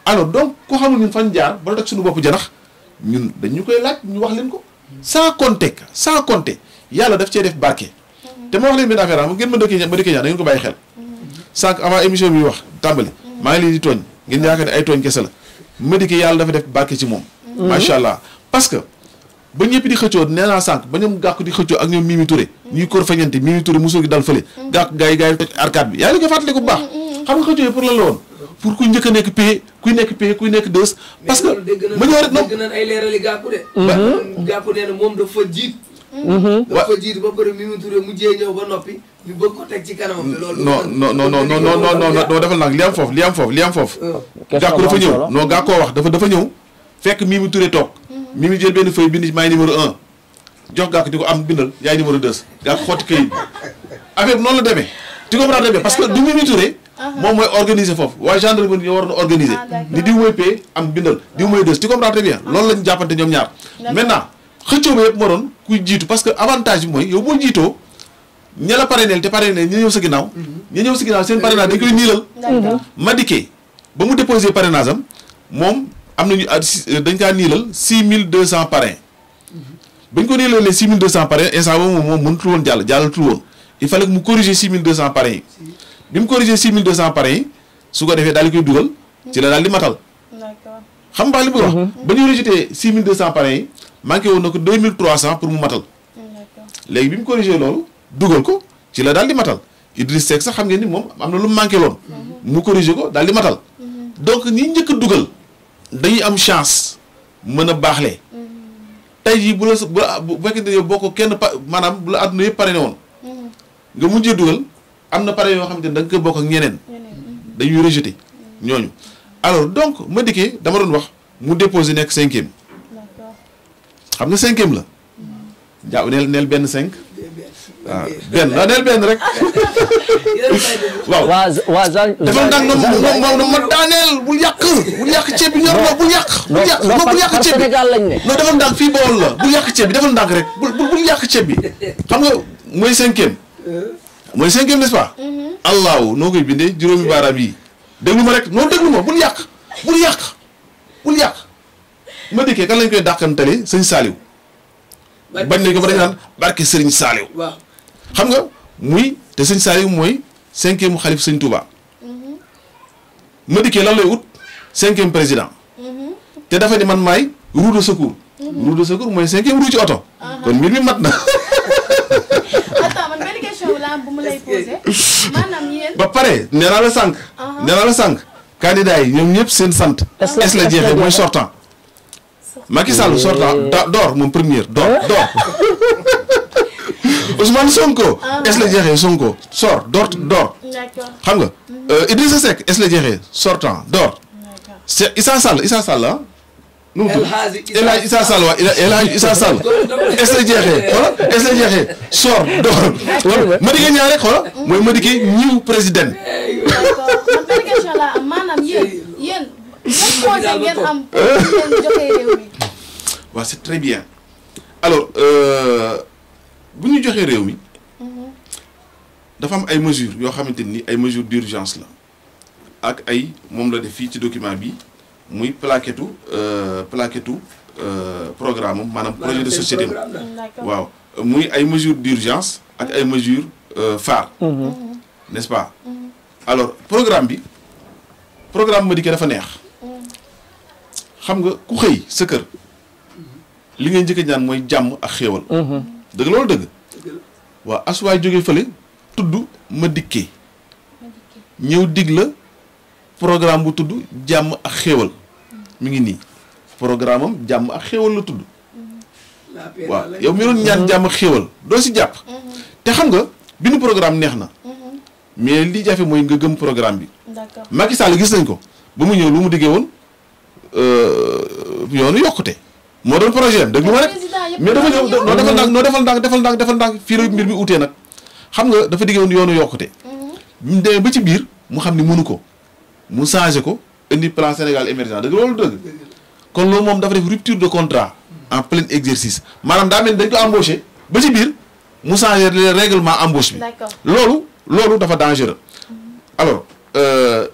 alors donc ko xamul ñun fan jaar ba teg suñu bopp janax ñun dañu koy laaj ñu wax leen ko. sans compter sans compter yàlla daf cee def barke. te ma wax leen benn affaire ah ma dëkkee ko bàyyi xel. sànq avant émission bi wax tàmbali mm-hmm. maa ngi leen di tooñ ngeen yaakaar ne ay tooñ kese la Madické yàlla dafa def barke ci moom mm-hmm. macha allah parce que ba ñëpp di xëccoo nee naa sànq ba ñoom gàkku di xëccoo ak ñoom Mimi Touré mm-hmm. ñuy kor fañante Mimi Touré mosoo gi dal fële gàkk gars yi gars yi toj arcade bi yaa ngi ko bu baax xam nga xëccoo yi pour lan la woon pour kuy njëkk nekk payé kuy nekk payé kuy nekk dës parce que ma ñëw rek noonu dégg nañ ay wa mm-hmm. ko jiitu ba pare Mimi Touré mujjee ñëw ba noppi ñu bëgg ko teg ci kanamam. loolu non non non non non non non non defal nag li am foofu li am foofu li am foofu. Ah. gàkku dafa ñëw non gàkku koo wax dafa dafa ñëw fekk Mimi Touré toog. Mm-hmm. Mimi jël benn feuille bind maay numéro un jox noonu la demee. tu comprends très parce que du Mimi Touré. Ah, ah. moom mooy organiser foofu waa gendarmerie ñoo war na organiser. ni diw mooy pay am bindal diw mooy deux tu comprends très loolu lañu jàppante ñoom ñaar maintenant. xëccoo ba yëpp moo doon kuy jiitu parce que avantage bi mooy yow boo jiitoo ña la parrainé te parrainé ña ñëw sa ginnaaw. Mhm. ña ñëw sa ginnaaw seen parrainage dañ koy niilal. Mhm. Madické ba mu déposé parrainage am moom am nañu euh, dañ kaa niilal six mille deux cent parrain. Mhm. ba ñu ko niilalee six mille deux cent parrain instant boobu moom mënutul woon jàll jàllatul woon il fallait que mu corriger six mille deux cent parrain yi. bi mu corriger six mille deux cent parrain yi su ko defee daal di koy dugal. ci la daal di matal. xam nga li ba ñu rejeté six mille manqué wonna ko 2300 pour mu matal. légui bimu corriger lolou loolu ko ci la daal di matal Idriss Seck sax xam ngeen ni mom amna lu manqué loon. mu corriger ko daal di matal. donc ñi ñëk a dañuy am chance mëna baxlé tay ji bu la bu fekkente ne yow boko kenn manam bu la àdduna yépp paré ne woon. nga mujjé dugal amna paré yo yoo xamante ne da nga ak ñeneen. dañuy rejeter ñooñu alors donc ma diké dama doon wax mu déposé nekk cinquième. xam na cinquième la jàpp neel benn cinq waaw ah, benn waaw ah, neel benn rek waaw waa waa Jean defal nag na moom na ma daaneel bul yàq bul yàq ceeb bi ñor na bul yàq bul yàq non bul yàq ceeb bi Sénégal lañ fii bool la bul yàq ceeb bi defal ndànk rek bul bul yàq ceeb bi xam nga mooy cinquième euh. mooy cinquième n'est-ce pas mm-hmm. allahu noo koy bindee juróomi baaraam yi déglu ma rek noonu déglu ma bul yàq bul yàq bul yàq ma dikkee kan lañ koy dàqantale sëñ Saliou. bañ nañ ko ba dañ naan barke Serigne xam nga muy te sëñ Saliou mooy cinquième xalif sëñ Touba. Mhm. ma dikkee lan lay ut cinquième président. Mhm. te dafa ni man maay roue de secours. Mhm. roue de secours mooy cinquième roue ci oto. kon mbir mi mat na. ba pare nee la sànq. nee la sànq. candidat yi ñoom ñëpp seen sant. est la jeexee mooy sortant. Macky Sall sort mon premier d'or d'or Ousmane Sonko est le géré Sonko sort d'or d'or D'accord. Mm-hmm. Euh, Idrissa Seck est le géré sortant d'or Issa Sall Issa Sall ah nu Issa Sall est sort d'or président waaw c'est très bien alors euh, bu ñu joxee réew mi mhm. dafa am ay mesures yoo xamante ni ay mesures d'urgence là. ak ay moom la def fii ci document bi muy plaquettu euh, plaquettu euh, programme am maanaam projet de société mm, waaw muy ay mesures d'urgence ak ay mesures phares mhm. mm-hmm. n'est-ce pas mm-hmm. alors programme bi programme Madické dafa neex xam nga ku xëy sa kër li ngay njëkk ñaan mooy jàmm ak xéewal mhm. dëgg loolu dëgg waaw asuwaay jóge fële tudd ma dikkee ñëw digg la programme bu tudd jàmm ak xéewal mi ngi nii programme am jàmm ak xéewal la tudd waaw yow meloon ñaan mhm. jàmm ak xéewal doo si jàpp mhm. te xam nga bi nu programme neex na mais li jafe mooy nga gëm programme bi Macky Sall gis nañ ko ba mu ñëw lu mu diggee woon Euh, yoonu yokkute moo doon projet mais dafa defal defal defal xam nga dafa mhm. ba ci biir mu mënu ko mu changé ko indi plan Sénégal émergent dëgg dëgg rupture de contrat en plein exercice maanaam daa mel dañ ko embauché ba ci biir mu règlement embauche dangereux alors euh,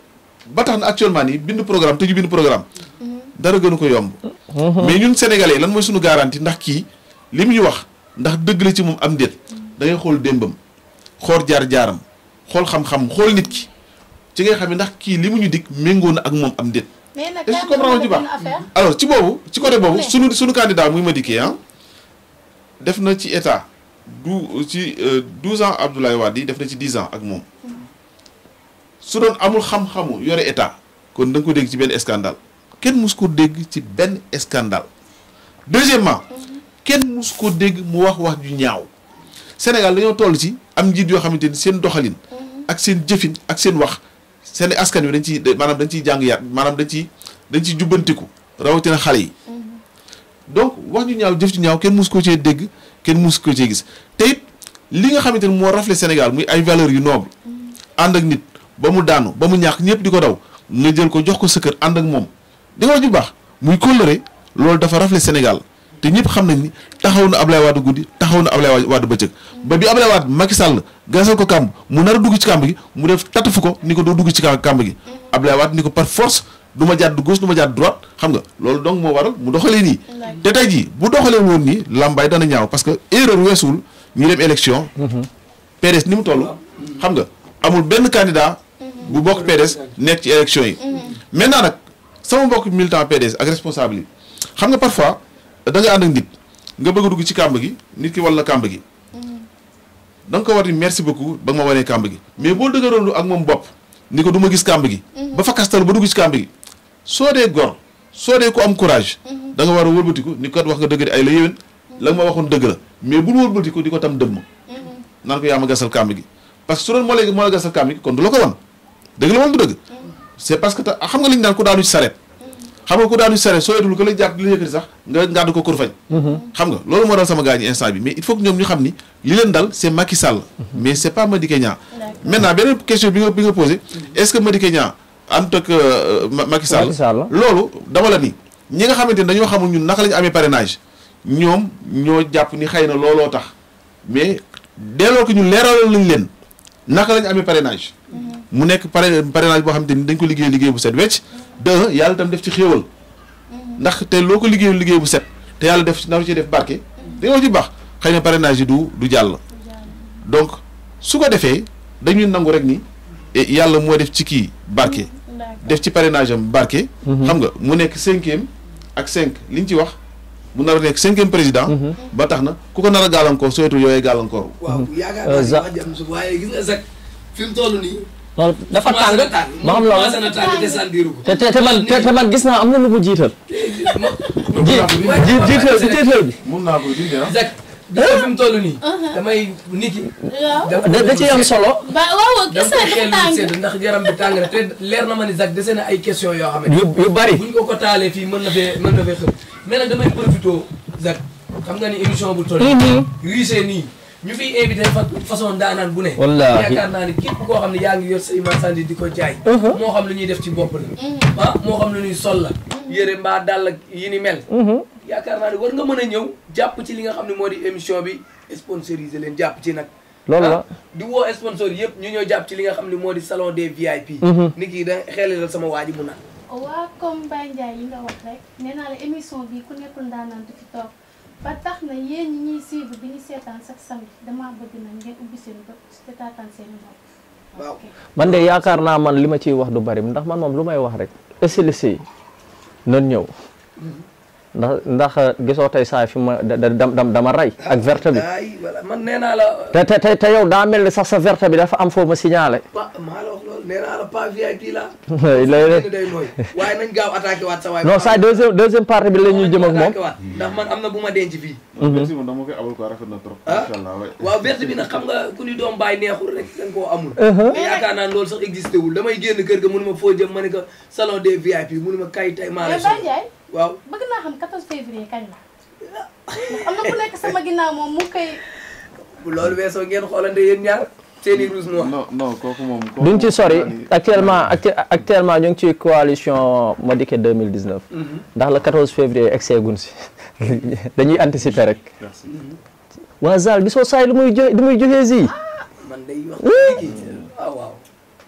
ba tax na actuellement programme te ñu programme mhm. dara gënu ko yomb. Mhm. mais ñun sénégalais lan mooy suñu garantie ndax kii li mu ñu wax ndax dëgg la ci moom am déet da xool démbam xool jaar-jaaram xool xam-xam xool nit ki ci ngay xam ne ndax kii li mu ñu dikk méngoo na ak moom am déet. mais ci baax alors ci boobu ci côté boobu sunu sunu candidat muy Madické ah def na ci état du ci euh, douze ans Abdoulaye Wade yi def na ci dix ans ak moom hmm. su doon amul xam-xamu yore état kon da ko dégg ci benn scandale. kenn mosu ko dégg ci benn scandale deuxièmement kenn mus ko dégg mu wax wax ju ñaaw Sénégal dañoo toll ci am njiit yoo xamante ni seen doxalin ak seen jëfin ak seen wax seen askan wi dañ ciy maanaam dañ ciy jàng yaat maanaam dañ ciy dañ ciy jubbantiku rawatina xale yi donc wax ju ñaaw jëf ju ñaaw kenn mus ko cee dégg kenn mus ko cee gis te it li nga xamante ni moo rafle Sénégal muy ay valeurs yu noble ànd ak nit ba mu daanu ba mu ñàkk ñëpp di ko daw nga jël ko jox ko sa kër ànd ak moom. di nga wax ju baax muy kóllëre loolu dafa rafle Sénégal te ñëpp xam nañ ni taxaw na ab Ablaye Wade guddi taxaw na Ablaye Wade bëccëg ba bi Ablaye Wade Macky Sall gasal ko kàmb mu nar a dugg ci kàmb gi mu def tatafu ko ni ko doo dugg ci kàmb gi Ablaye Wade ni ko par force du ma jàdd gauche du ma jàdd droite xam nga loolu donc moo waral mu doxalee nii te tey jii bu doxalee woon nii làmbaay dana ñaaw parce que erreur weesul ñu dem élection mhm. PDS ni mu toll xam nga amul benn candidat bu bokk PDS nekk ci élection yi mhm. maintenant nag sama bokk militant PDS ak responsable yi xam nga parfois da nga ànd ak nit nga bëgg dugg ci kàmb gi nit ki walla kàmb gi. Mm-hmm. danga ko war di merci beaucoup ba nga ma wanee kàmb gi mais boo dëgëroonlu ak moom bopp ni ko ma gis kàmb gi. Mm-hmm. ba fa ba dugg ci soo dee gor soo ko am courage. Mm-hmm. da nga war a wëlbatiku ni kat wax nga dëgg ay la la ma waxoon dëgg la mais bul wëlbatiku di ko tam dëmm. naan ko yaa ma gasal kàmb gi parce que su doon moo lay moo la gasal kàmb gi kon du la ko wan dëgg la wala du dëgg. c'est parce que te xam nga li ñu naan ku daanu ci sareet xam nga soo yetul ko lay jàpp di la yëkkati sax nga ngàdd ko kur fañ mm-hmm. xam nga loolu moo dal sama gars ñi instant bi mais il faut que ñoom ñu xam ni li leen dal c'est Macky Sall mm-hmm. mais c'est pas Madické Niang maintenant beneen question bi nga bi nga posé est-ce que Madické Niang ànd ak euh, loolu dama la ni ñi nga xamante ne dañoo xamul ñun naka la ñu amee parrainage ñoom ñoo jàpp ni xëy na looloo tax mais delloo ko ñu leeralal lañ leen naka la ñu amee parrainage mm-hmm. mu nekk pare parrainage boo xam ni dañ ko liggéey liggéey bu set wecc de yàlla itam def ci xéewal ndax te loo ko liggéey liggéey bu set te yàlla def naru ci def barke dañoo ci baax xëy na parrainage du du jàll donc su ko defee dañuy nangu rek ni eh, yàlla moo def ci kii barke def ci parrainage am barke mhm. xam nga mu nekk cinquième ak cinq ñu ci wax bu nar a nekk cinquième président. Mhm. ba tax na ku ko nar a gàllankoor sooytu yooyee gàllankooru. waaw mhm. yaakaar naa euh, ne fi mu toll nii. loolu dafa tàng ma xam loolu te te man te man gis naa am na lu mu jiital. ji jiital bi jiital bi. mun naa ko dindi ah. fi mu toll nii. Uh-huh. damay nit ki. da da ciy am solo. waaw gis naa dafa ndax yaram bi tàng na te leer na ma ni Zak dese na ay question yoo xam ne. yu yu bari buñ ko ko taalee fii mën na fee mën na fee xëm. mais nag damay profité Zak xam nga ni émission bu toll. riisee nii. Mm-hmm. ñu fiy éviter fa façon daanaan bu ne. yaakaar naa képp koo xam ne yaa ngi yor sa Imane Sandi di ko jaay. Uh-huh. moo xam lu ñuy def ci bopp la. Uh-huh. ah moo xam lu ñuy sol la. Uh-huh. yére mbaa dàll yi ni mel. yaakaar naa war nga mën a ñëw jàpp ci li nga xam ne moo di émission bi sponsorisé leen jàpp ci nag. loolu la ah di woo sponsor yëpp ñu ñëw jàpp ci li nga xam ni moo di salon des VIP. ni kii da xeelal sama waa ji mu comme Baye Ndiaye li nga wax rek nee naa la émission bi ku ba tax na yéen ñi ñuy bi ñu seetaan sax samedi damaa bëgg na ngeen ubbi seen bët te taataan seen bopp. man de yaakaar naa man li ma ciy wax du bari ndax man moom lu may wax rek spécialiste yi nan ñëw. Mm-hmm. ndax ndax gisoo tey saa fi ma dama rey ak verte bi man nee naa la te te te yow daa mel ni sax sa verte bi dafa am foo si signalé maa la wax loolu nee naa la pas VIP la day nooy waaye nañ gaaw attaqué waat sa waay non sa deuxième bi la ñuy jëm ak moom ndax man am na bu ma denc fii mhm. merci moom ko rafet na trop ah? incha allah waaw verte nga ku doom bàyyi neexul rek dañ koo amul te uh-huh. yaakaar lool loolu sax damay génn kër ga mënu ma foo jëm ma ne ko salon des VIP mënu ma kay tay maa la waaw bëgg naa xam 14 février kañ la. ndax na ku nekk sama ginnaaw moom mu koy. bu loolu weesoo ngeen xoolante yéen ñaar. seeni rouge noir non moom. duñ ci sori actuellement actuellement ñu ngi ci coalition Madické 2019. Mhm. ndax le 14 février egg seegun si dañuy anticiper rek. Mhm. waa Zal soo saay lu muy joxe lu muy joxe si. Ah, man day wax. Ah, waaw waaw.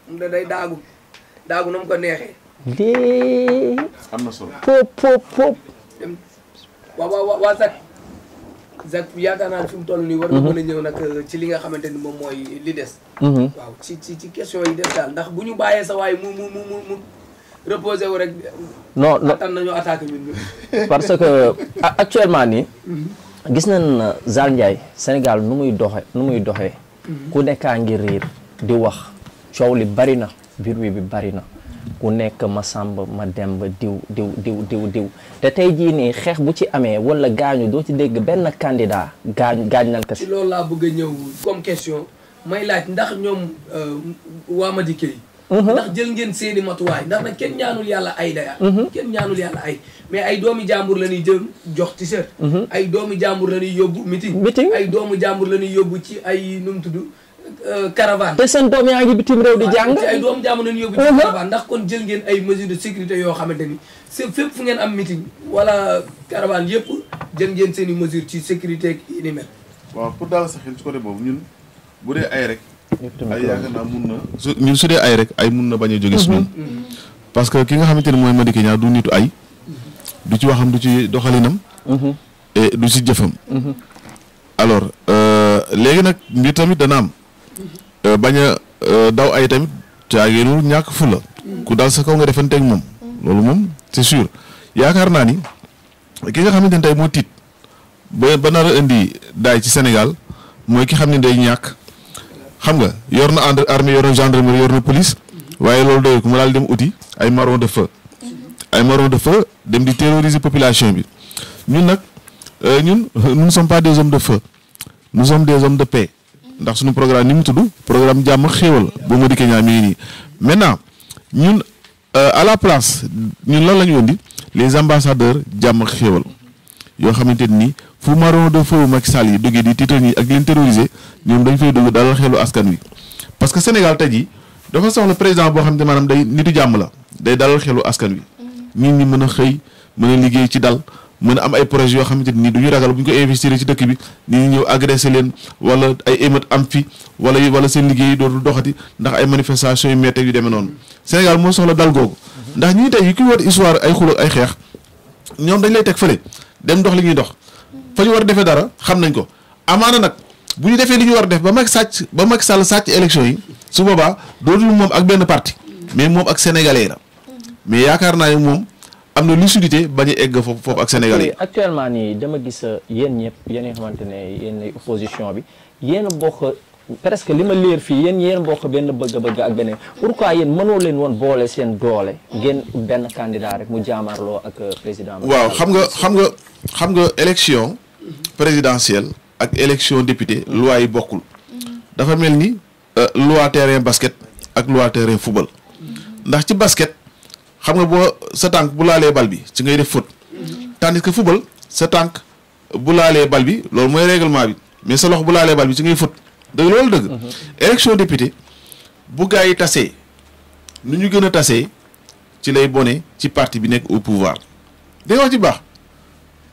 mu ne day daagu daagu na ko neexee. dee. am na solo pop pop pop. waaw waaw waaw Zak. Zak yaakaar naa ne fi mu toll nii war nga mën a ñëw nag euh, ci li nga xamante ni moom mooy li des. Mhm. waaw ci ci ci question yi des daal ndax bu ñu bàyyee sa waay mu mu mu mu mu reposé wu rek. non non attan nañu attaque ñun. parce que actuellement nii. Mhm. gis nañ euh, Zal Ndiaye Sénégal nu muy doxe nu muy doxee. Mhm. ku nekkaa ngi riir di wax coow li bari na biir wi bi bari na. ku nekk ma sàmb ma dem ba diw diw diw diw diw te tey jii nii xeex bu ci amee wala gaañu doo ci dégg benn candidat gaañ gaañ nañ ko si loolu laa bëgg a ñëw comme question may laaj ndax ñoom euh, waa ma yi mhm. ndax jël ngeen seeni matuwaay ndax nag kenn ñaanul yàlla ay daya mhm. kenn ñaanul yàlla ay mais ay doomi jàmbur la ñuy jël jox t-shirt mhm. ay doomi jàmbur la ñuy yóbbu meeting meeting ay doomu jàmbur la ñuy yóbbu ci ay nu mu Euh, caravane te seen doom yaa ngi bitim réew di jàng ay doom jaamu nañu yóbbu ci uh-huh. caravane kon jël ngeen ay mesures de sécurité yoo xamante ni c'est fépp fu ngeen am meeting wala yëpp jël ngeen seen i mesures ci sécurité ak yi ni mel waaw pour boobu ñun bu dee ay rek ay yaakaar naa mun na su dee ay rek ay mun na bañ a jóge si uh-huh. ñun parce que ki nga xamante ne mooy ki Niang du nitu ay du ci waxam du ci doxalinam uh-huh. et du ci jëfam alors euh, léegi nag mbir tamit dana am Euh, bañ a euh, daw ay tamit caageelu ñàkk fu ku dal sa kaw nga defanteeg moom loolu moom c'est sûr yaakaar naa ni ki nga xamante ne tey moo tiit ba ba nar indi daay ci Sénégal mooy ki xam ne day ñàkk xam nga yor na entre armée yor na gendarmerie yor na police waaye loolu doy ko mu daal dem uti ay marron de feu ay marron de feu dem di terroriser population bi ñun nag euh, ñun nous ne pas des hommes de feu nous sommes des hommes de paix ndax suñu programme ni mu tudd programme jàmm xéewal boo ma dikkee ñaa mi nii maintenant ñun euh, à la place ñun lan la ñu indi les ambassadeurs jàmm xéewal yoo xamante nii fu marron de feu Macky Sall yi duggee di tiital ñi ak leen terroriser ñoom dañ fay dugg dalal xelu askan wi parce que Sénégal tey jii dafa soxla président boo xam ne maanaam day nitu jàmm la day dalal xelu askan wi mm-hmm. nit ñi mën a xëy mën a liggéey ci dal mën a am ay projets yoo xamante ni du ñu ragal bu ñu ko investir ci dëkk bi ni ñëw agressé leen wala ay émeute am fi wala wala seen liggéey dootul doxati ndax ay manifestations yu méttee yu demee noonu Sénégal moo soxla dal googu ndax ñi tey yu ki woote histoire ay xuloo ay xeex ñoom dañ lay teg fële dem dox li ñuy dox fa ñu war a defee dara xam nañ ko amaana nag bu ñu defee li ñu war a def ba mag sàcc ba mag sàll sàcc élection yi su boobaa dootul moom ak benn parti mais moom ak sénégalais la mais yaakaar naa ne moom am na lu bañ a egg foofu foofu ak Sénégal yi. actuellement nii dama gis euh, yéen ñëpp yéen nga xamante ne yéen opposition bi yéen bokk presque li ma leer fii yéen yéen bokk benn bëgg-bëgg ak beneen pourquoi yéen mënoo leen woon boole seen doole ngeen benn candidat rek mu jaamarloo ak euh, président. waaw xam nga xam nga xam nga élection présidentielle ak élection député loi yi bokkul dafa mel ni euh, loi terrain basket ak loi terrain football ndax ci basket. xam nga boo sa tànk bu laalee bal bi ci ngay def faute tandis que football sa tànk bu laalee bal bi loolu mooy réglement bi mais sa loxo bu laalee bal bi ci ngay faute dëgg loolu dëgg. Mhm. élection député bu gaa yi tasee nu ñu gën a tasee ci lay bone ci parti bi nekk au pouvoir da nga wax ci baax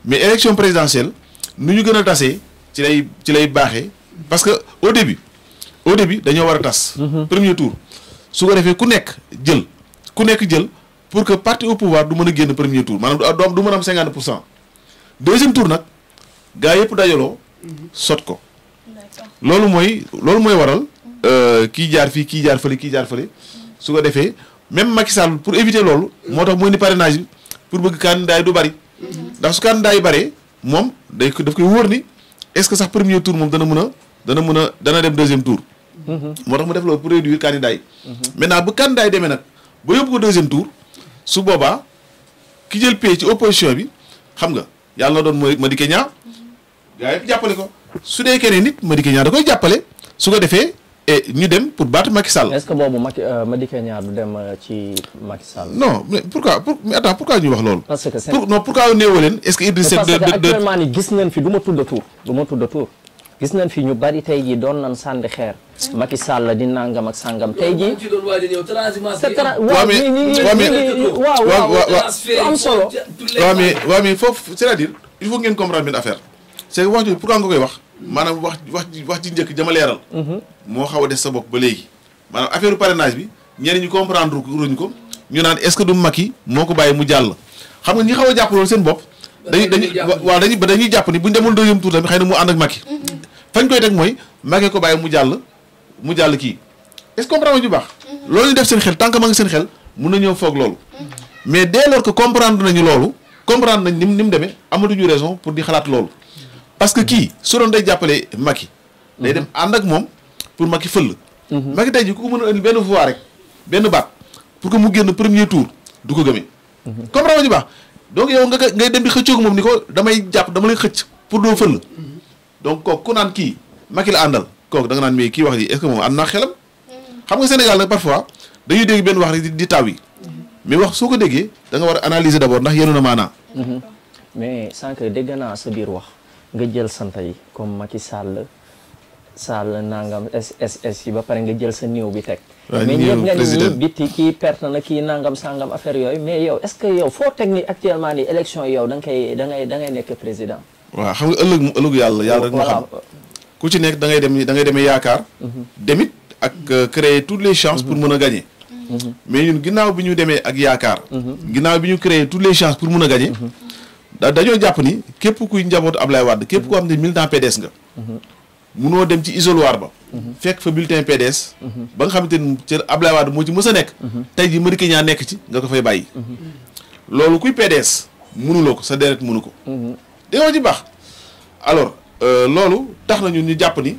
mais élection présidentielle nu ñu gën a tasee ci lay ci lay baaxee parce que au début au bi dañoo war a tas. Mhm. premier tour su ko defee ku nekk jël ku nekk jël. pour que parti au pouvoir du mën a génn premier tour manam du am du mën am 50% pour cent deuxième tour nag gars yëpp dajaloo sot ko lolu moy lolu moy waral euh ki jaar fi ki jaar fele ki jaar fële su ko defee même Macky Sall pour éviter lolu motax moy ni parrainage pour bëgg candidat du bari ndax su candidat yi bari mom day daf koy wër ni est-ce que sax premier tour mom dana mën dana mën dana dem deuxième tour mhm. motax mu def lolu pour réduire candidat yi mhm. maintenant bu candidat yi demee nag ba yobbu ko deuxième tour mm -hmm. su boobaa ki jël pay ci opposition bi xam nga yàlla na doon mooy Madické Niang gaa yëpp jàppale ko su dee keneen nit Madické Niang da koy jàppale su ko defee eh, ñu dem pour battre Macky Sall. est-ce que boobu Macky euh, Madické Niang du dem euh, ci Macky Sall. non mais pourquoi pour mais attends pourquoi ñu wax loolu. parce que non pourquoi néewoo leen est-ce que. Idriss Seck de de de parce que actuellement nii gis nañ fi du ma tudd tur du ma tudd gis nañ fi ñu bari tay ji doon nañ sànni xeer Macky Sall di nangam ak sangam tay ji waaw mais fof c'est-à-dire il faut ngeen comprendre benn affaire c'est que wax jooju pourquoi nga koy wax manam wax wax wax ci ñeuk jama leral mhm. moo xaw a des sa bok ba léegi manam affaire parrainage bi ñeneen ñu comprendre ko ruñ ko ñu naan est-ce que du Macky moko baye mu jall xam nga ñi xawa a jàpp seen bop dañuy dañuy wa dañuy dañuy japp ni buñ demul deuxième tour tamit xëy na mu and ak Macky mhm. fañ koy teg mooy magee ko bàyyi mu jàll mu jàll kii est-ce que comprendre ju baax. Mm-hmm. loolu ñu def seen xel tant que ma ngi seen xel mun na ñëw foog loolu. Mm-hmm. mais dès lors que comprendre nañu loolu comprendre nañ ni mu ni mu demee amatuñu raison pour di xalaat loolu. parce que kii su doon day jàppale Macky. day dem mm-hmm. ànd ak moom pour Macky fëll. Macky tey jii ku ko mën a indi benn voix rek benn baat pour que mu génn premier tour du ko gëmee. comprendre ju baax donc yow nga ngay dem di xëccoog moom ni ko damay jàpp dama lay xëcc pour doo fëll. donc kooku ku naan kii Macky la àndal kooku da nga naan mais kii wax yi est moom ànd naa xelam. xam nga Sénégal nag parfois dañuy dégg benn wax rek di taw yi. mais wax soo ko déggee da nga war a analyser d'abord ndax yéen a maanaa. Mhm. mais sànq dégg naa sa biir wax nga jël sant yi comme Macky Sall Sall nangam SSS yi ba pare nga jël sa néew bi teg. mais ñëpp nga ni bitti kii perte na kii nangam sangam affaire yooyu mais yow est-ce que yow foo teg ni actuellement ni koy da ngay da ngay nekk président. waaw xam nga ëllëg ëllëgu yàlla yàlla rek moo xam ku ci nekk da ngay dem da ngay demee yaakaar mhm. demit ak euh, créer toutes les chances pour mën mhm. a gagner mhm. mais ñun ginnaaw bi ñu demee ak yaakaar ginnaaw bi ñu créer toutes les chances pour mën a gagner da dañoo jàpp ni képp kuy njabootu Ablaye Wade képp koo xam ne militant PDS nga munoo dem ci isoloir ba fekk fa bulletin PDS ba nga xamante ni ci Ablaye Wade moo ci mës a nekk tey ji Madické ñaa nekk ci nga ko fay bàyyi loolu kuy sa deret mënu ko dañoo ci baax alors euh, loolu tax na ñun ñu jàpp ni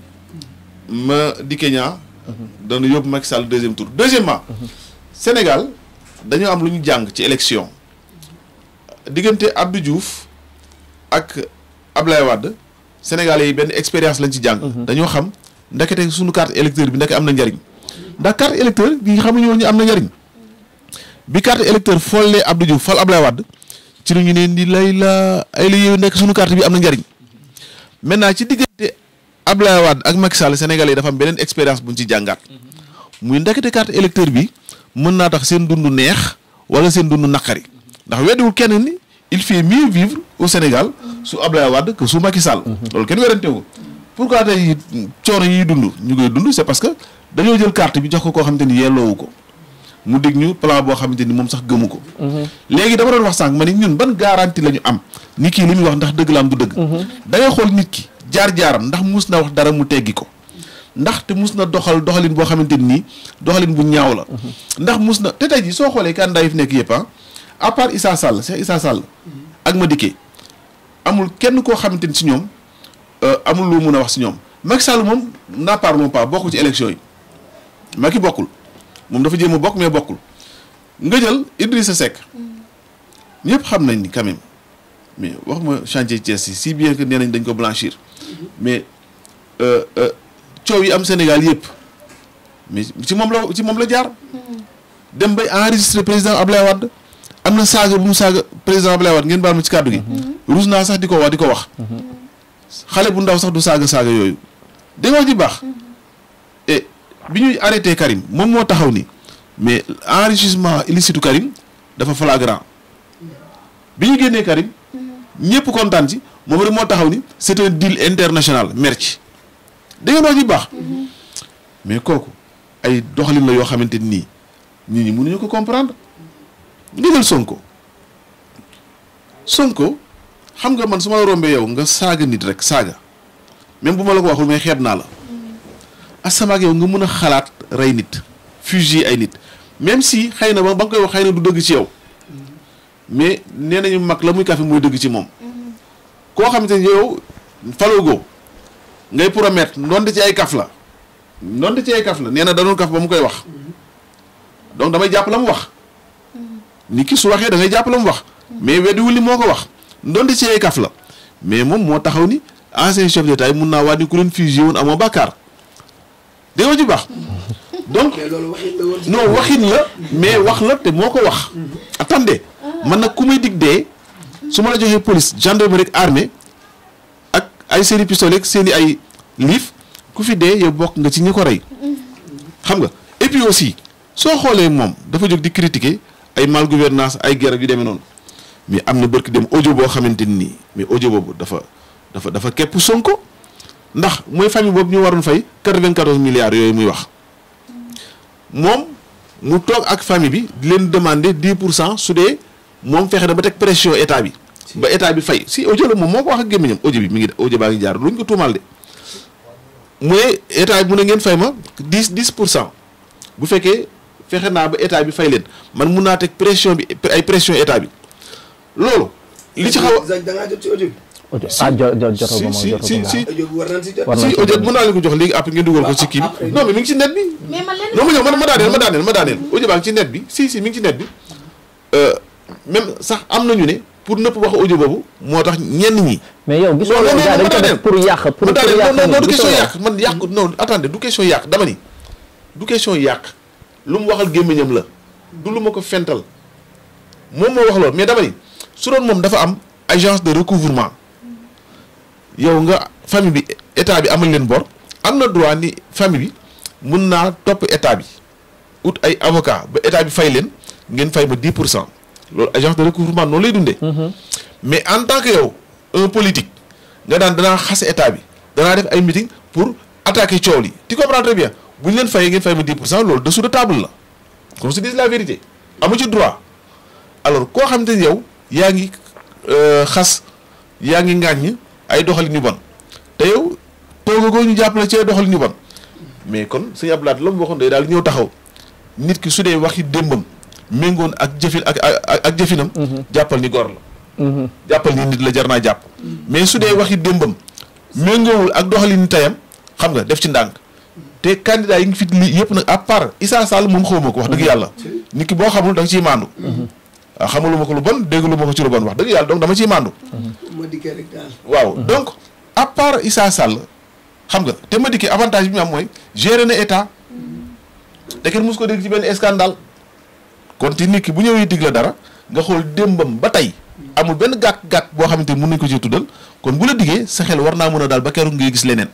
ma di Kenya. dana yóbbu Macky Sall deuxième tour deuxièmement Sénégal dañoo am lu ñu jàng ci élection diggante Abdou Diouf ak Ablaye Wade Sénégalais yi benn expérience lañ ci jàng. Mhm. dañoo xam ndakete suñu carte électeur bi ndake am na njariñ ndax carte électeur bi xamuñu woon ñu am na njariñ bi carte électeur abdu Abdou Diouf ab Ablaye wàdd Eh, ci ñu ne di layla ay la yew nek suñu carte bi amna na njariñ maintenant ci digënté ablaye Wade ak Macky Sall Sénégalais dafa am benen expérience buñ ci jàngaat muy ndekete carte électeur bi mën naa tax seen dundu neex wala seen dundu naqari ndax weddiwul kenn ni il fait mieux vivre au Sénégal su ablaye Wade que su Macky Sall loolu kenn werantewul pourquoi tey coono yi dund ñu koy dund c'est parce que dañoo jël carte bi jox ko koo xam te ni yelloowu ko mu dig ñu plan boo xamante ni moom sax gëmmu ko. léegi dama doon wax sànq ma ni ñun ban garantie la ñu am ni kii li muy wax ndax dëgg la am du dëgg. Mhm. da ngay xool nit ki jaar-jaaram ndax mus na wax dara mu teggi ko. ndax te mus na doxal doxalin boo xamante nii doxalin bu ñaaw la. Mhm. ndax mus na te tey soo xoolee candidat yi fi nekk yëpp ah à part Issa Sall Cheikh Issa Sall. ak Madické amul kenn koo xamante ni si ñoom euh, amul lu mun a wax si ñoom Macky Sall moom n'a parlons pas bokkul ci élection yi Macky bokkul. mom dafa jëm bok mais bokul nga jël Idrissa sek ñepp xam nañ ni quand même mais wax ma chantier Thiès si bien que nenañ dañ ko blanchir mais euh, euh, ciow yi am Sénégal yépp mais ci mom la ci mom la jaar dem bay enregistrer président Ablaye wad amna saga bu mu saga président Ablaye wad ngeen baal ci gi sax di ko wax di ko wax xalé bu ndaw sax du saga saga yoyu da nga di ji bi ñuy arrêté Karim moom moo taxaw ni mais enrichissement illicite Karim dafa flagrant bi ñu génnee Karim ñëpp kontaan ci moom rek moo taxaw ni c' est un deal international merci da ngeen wax ji baax. mais kooku ay doxalin la yoo xamante nii nit ñi mënuñu ko comprendre nga jël Sonko Sonko xam nga man su ma la rombee yow nga saaga nit rek saaga même bu ma la ko waxul mais xeeb naa la. asama ak yow nga mën a xalaat rey nit fugie ay nit même si xëy na ba nga koy wax xëy na du dëgg ci yow mais nee nañu mag la muy kafe mooy dëgg ci moom koo xamante ni yow faloogo ngay promettre ndonte ci ay kaf la ndonte ci ay kaf la nee na da kaf ba mu koy wax donc damay jàpp la mu wax ni ki su waxee da ngay jàpp la wax mais weddi wuli moo ko wax ndonte ci ay kaf la mais moom moo taxaw ni ancien chef d'état yi mun naa ni ku leen woon amoo dégg nga ci baax donc non waxin la mais wax la té moko wax attendez man nak kumay may suma ma la joxé police gendarmerie ak armée ak ay série pistolet ak seeni ay liif ku fi dé yow bok nga ci ñiko ray xam nga et puis aussi so xolé mom dafa jóg di critiquer ay mal gouvernance ay guerre yu démé non mais amna na dem audio bo xamanteni nii mais audio bobu dafa dafa dafa képp sonko ndax moy famille boobu ñu waroon fay 94 milliards yoy muy wax mom mu tok ak famille bi di leen demander 10 pour cent su dee moom fexe na ba tek pression état bi. ba état bi fay si audio mom moko wax ak gémmiñam audio bi mi ngi audio ba ngi jaar luñ ko tumal dé moy état bi mu na ngeen fay ma 10 10 bu féké fexé na ba état bi fay leen man mu na tek pression bi ay pression état bi lolu li ci xaw da ngaa jot ci audio bi. ah jo jotaguma si si si audio mën naa leen ko jox léegi après ngeen dugal ko si kii bi non mais mi ngi si net bi non ma ñëw man ma daaneel ma daaneel ma daaneel audio baa ngi ci net bi si si mi ngi ci net bi euh, même sax am nañu ne pour nëpp wax audio boobu moo tax ñenn ñi mais yow gisoo dañ ko def pour yàq pour yàq non non du question yàq man yàq non attendez du question yàq dama ni du question yàq lu mu waxal gémmiñam la du lu ma ko fental moom moo wax loolu mais dama ni su doon moom dafa am agence de recouvrement yow nga famille bi état bi amal leen bor am na droit ni famille bi mën naa topp état bi ut ay avocat ba état bi fay leen ngeen fay ma di pour cent loolu agence de recouvrement noonu lay dundee. Mm-hmm. mais en tant que yow politique nga daan danaa xas état bi danaa def ay meeting pour attaquer coow li tu comprends très bu ñu leen fayee ngeen fay ma 10 loolu dessous de table la comme se dise la vérité amu ci droit alors koo xam ne yow yaa ngi euh, xas yaa ngi ŋàññ. ay doxalin yu bon te yow ko ñu jàppale ci ay doxalin yu bon mais kon sëñ Abdou Lahad la mu waxoon day daal ñëw taxaw nit ki su dee waxi démbam méngoon ak jëfin ak ak ak jëfinam. Mm-hmm. jàppal ni góor la. Mm-hmm. jàppal ni la jar naa mm-hmm. mais su dee waxi démbam méngoowul ak doxalin tayam xam nga def ci ndànk. te candidat yi ngi fit li yëpp nag à part Issa Sall moom xawma ko wax dëgg yàlla nit ki boo xamul da nga ciy maandu. Kamu ah, lupa lu bon dégguluma ko ci lu bon wax dëgg yàlla donc dama ciy mandu ma dikkee rek daal waaw donc à part Issa Sall xam nga te ma dikkee avantage bi mu am mooy gérer na état te kenn mos ko dégg ci benn scandale kon ci nit ki bu ñëwee dig la dara nga xool démbam ba tey amul benn gàkk-gàkk boo xamante ni ko ci tuddal kon bu la diggee sa xel war naa mën ba keroog ngay gis leneen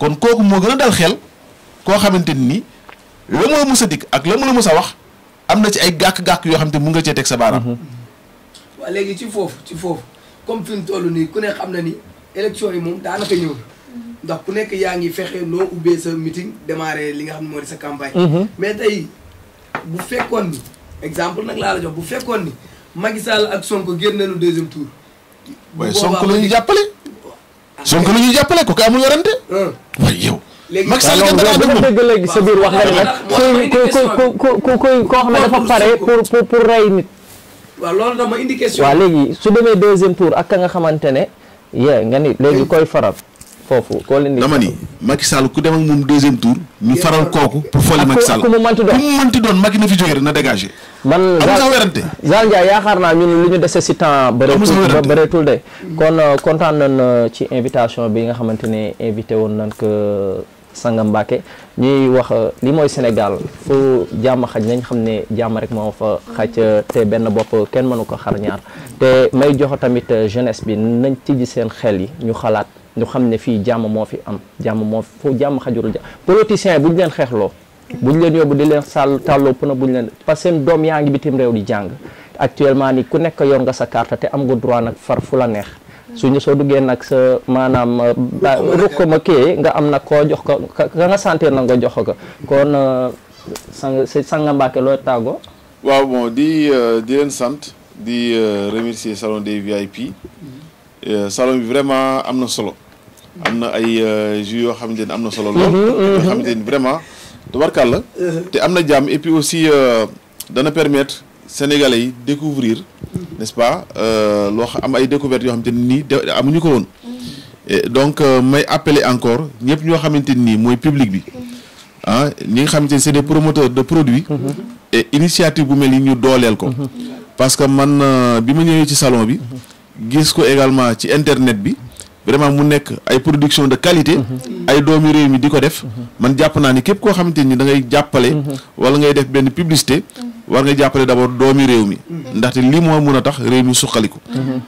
kon kooku moo gën dal xel koo xamante ni la mu la mës ak la mu la wax am na ci ay gàkk-gàkk yoo xam te mu nga cee teg sa baaraam. Mhm. waaw léegi ci foofu ci foofu comme fi mu nii ku ne xam na ni élection yi moom daanaka ñëw ndax ku nekk yaa ngi fexe noo ubbee sa meeting démarrer li nga xam ne moo di sa campagne. Mhm. mais tey bu fekkoon ni exemple nag laa la jox bu fekkoon ni Macky Sall ak Sonko génn nañu deuxième tour. bu boobaa Sonko la ñuy jàppale. Sonko la ñuy jàppale ko ka amul werante. Ah. waaye yow. léegi Macky Sall kenn danaa dëgg dëgg léegi sa biir wax nga ne nag kuy kuy kuy kuy koo xam ne dafa pare pour pour pour rey nit. waaw loolu dama indi question. waaw léegi su demee deuxième tour ak ka nga xamante ne yee nga ni léegi koy faral. foofu koo leen di. dama ni ku dem ak moom deuxième tour. ñu faral kooku pour fole Macky Sall ku mu mënti doon ku na fi jógee rek na dégagé. man Zal werante Zal Ndiaye yaakaar naa ñun lu ñu dese si temps. bëreetul bëreetul de. kon euh, kontaan nañ euh, ci invitation bi nga xamante ne invité woon nañ ko euh, Sanga Mbacké ñuy wax li mooy Sénégal fu jàmm xaj nañ xam ne jàmm rek moo fa xaj te benn bopp kenn mënu ko xar ñaar te may jox tamit jeunesse bi nañ tijji seen xel yi ñu xalaat. ñu xam ne jamm mo fi am jamm mo fo jamm jàmm xajurul jàmm politicien buñ leen xeexloo buñu len yóbbu di len sal talo puna buñu len parce sen dom yaangi bitim rew di jang actuellement ni ku nek yor nga sa carte te am nga droit nak far fu la neex suñu so duggé nak sa manam euh, rukk ma ké nga am nak ko jox ko nga santé na nga jox ko kon euh, sang sanga Mbacke loo tàggoo waaw bon di euh, di len sant di remercier salon des VIP salon bi vraiment solo am ay euh, jus yoo xamante ne solo lool. Mhm, mhm. yoo xamante ne vraiment tubarkàlla. Mhm. te am na et puis aussi euh, dana permettre sénégalais yi découvrir n'est-ce pas euh, lo xam ay découvertes yo xamante ni nii de amuñu ko woon. donc may appeler encore ñëpp ñoo xamante ni moy public bi. ah ñi nga xamante c'est des promoteurs de produits. et initiative bu mel ni ñu dolel ko. parce que man bima ma ci salon bi. gis ko également ci internet bi vraiment mu nekk ay production de qualité mhm. ay doomi réew mi di def mhm. man japp na ni képp ko xamante ni da ngay jappalé mhm. wala ngay def ben publicité war nga jappalé d'abord doomi réew mi ndaxte lii moo mun tax réew mi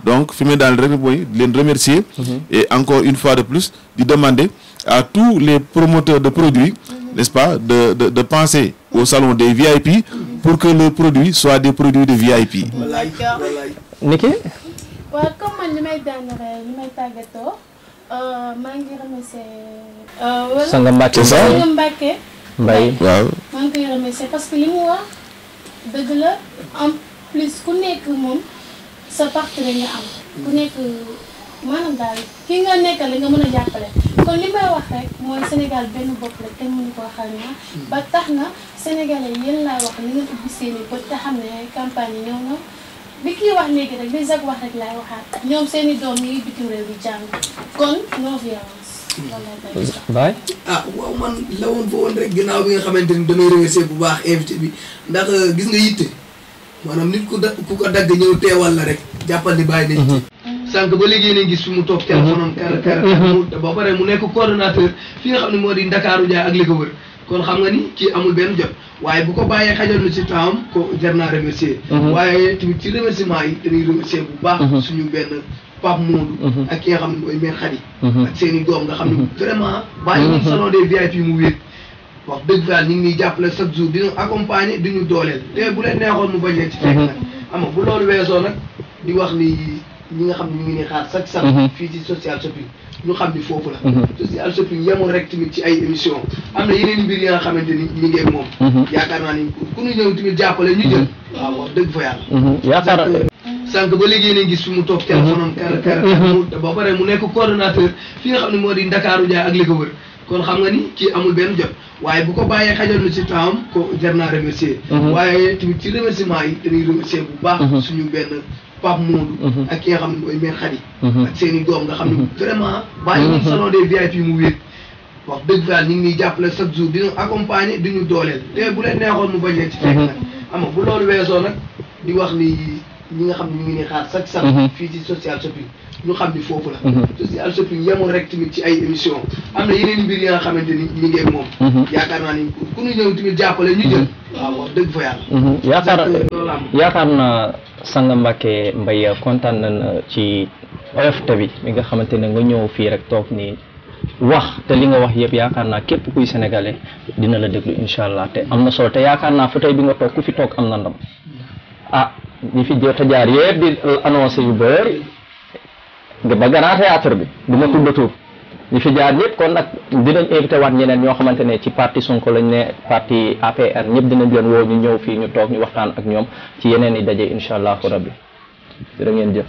donc fi dans le rek mooy di remercier et encore une fois de plus di demander à tous les promoteurs de produits n'est-ce pas de de de penser au salon des VIP pour que le produits soient des produits de VIP. Niki waaw comme man li may daanaree li may tàggatoo euh, maa ngi remercier. Euh, Sanga Mbacke Sanga Mbacke. Mbaye koy remercier parce que li mu wax dëgg la en plus ku nekk moom sa partenaire nga am. ku nekk maanaam daal ki nga nekkal nga mën a jàppale. kon li may wax rek mooy Sénégal benn bopp la kenn mënu koo xam ne ba tax na sénégalais yenn laay wax ni nga ubbi seen i bët te xam ne campagne yi ñëw bi kii wax léegi rek bi Zak wax rek laay waxaat ñoom seen doom yi bitim réew bi jàng kon non violence. baay ah waaw man la woon fa woon rek ginnaaw bi nga xamante ni damay remercier bu baax invité bi ndax euh, gis nga yitte maanaam nit ku da ku ko dagg ñëw teewal la rek jàppal ni bàyyi na yitte. Mhm. sànq ba léegi yéen gis fi mu toog mhm. téléphone am. kàr mhm. ba pare mu nekk coordonnateur fi nga xam ne moo di Ndakaaru jaay ak li wër. kon xam nga ni ci amul benn jot waaye bu ko bàyyee xajoon na si temps ko jar naa remercier mhm. waaye tamit ci remerciement yi dañuy remercier bu baax mhm. suñu benn Pape Moodu mhm. ak ki nga xam ne mooy mère Khady ak seen i doom nga xam ne vraiment bàyyi woon salon des VIP mu wéet wax dëgg fa ñu ngi ñuy jàppale chaque jour di ñu accompagner di ñu dooleel te bu leen neexoon mu bañ leen ci fekk nag xam bu loolu weesoo nag di wax ni ñi nga xam ne ñu ngi ne xaar chaque samedi fii ci social shopping ñu xam ni foofu la mhm. te si alsop yi yemul rek tamit ci ay émission am na yeneen mbir yi nga xamante ni ñu ngi ak moom mhm. yaakaar naa ni ku ñu ñëw tamit jàppale ñu jël mhm. waaw wax dëgg fa yàlla yaakaar sànq ba léegi yéen a gis fi mu toog téléphone ba pare mu nekk coordonnateur fi nga xam ne moo di Ndakaaru Njaay ak li ko kon xam nga ni ci amul benn jot waaye bu ko bàyyee xajoon na ci temps ko jar naa remercier waaye tamit ci remerciement yi dañuy bu baax suñu benn Pape Moodu mhm. ak ki nga xam ne mooy mère Khady mhm. ak seen i doom nga xam ne mhm. vraiment bàyyi wuñ salon des VIP mu wéet wax dëgg fa ñu ngi ñuy jàppale chaque di ñu accompagner ñu dooleel te bu leen neexoon bañ leen ci fekk nag xam nga bu loolu di wax ni ñi nga xam ne ñu ngi ne xaar chaque samedi fii ci social shopping ñu xam ni foofu la social shopping yemul rek tamit ci ay émission am na yeneen mbir yi nga xamante ni ñu ngi moom yaakaar naa ni ku ñu ñëw tamit jàppale ñu jël waaw wax dëgg fa yàlla yaakaar yaakaar Sanga mbay Mbaye kontaan nañ euh, ci OFT bi mi nga xamante ne nga ñëw fii rek toog nii wax te li nga wax yëpp yaakaar naa képp kuy sénégalais dina la déglu incha allah te am na solo te yaakaar naa fa tey bi nga toog ku fi toog am na ndam ah ñi fi jot a jaar yëpp di annoncé yu bëri ba grand théâtre bi duma tudd tur ñu fi jaar ñëpp kon nag dinañ invité waat ñeneen ñoo xamante ne ci parti Sonko lañ ne parti APR ñëpp dinañ leen woo ñu ñëw fii ñu toog ñu waxtaan ak ñoom ci yeneen i daje incha allahu rabbi jërë ngeen jëf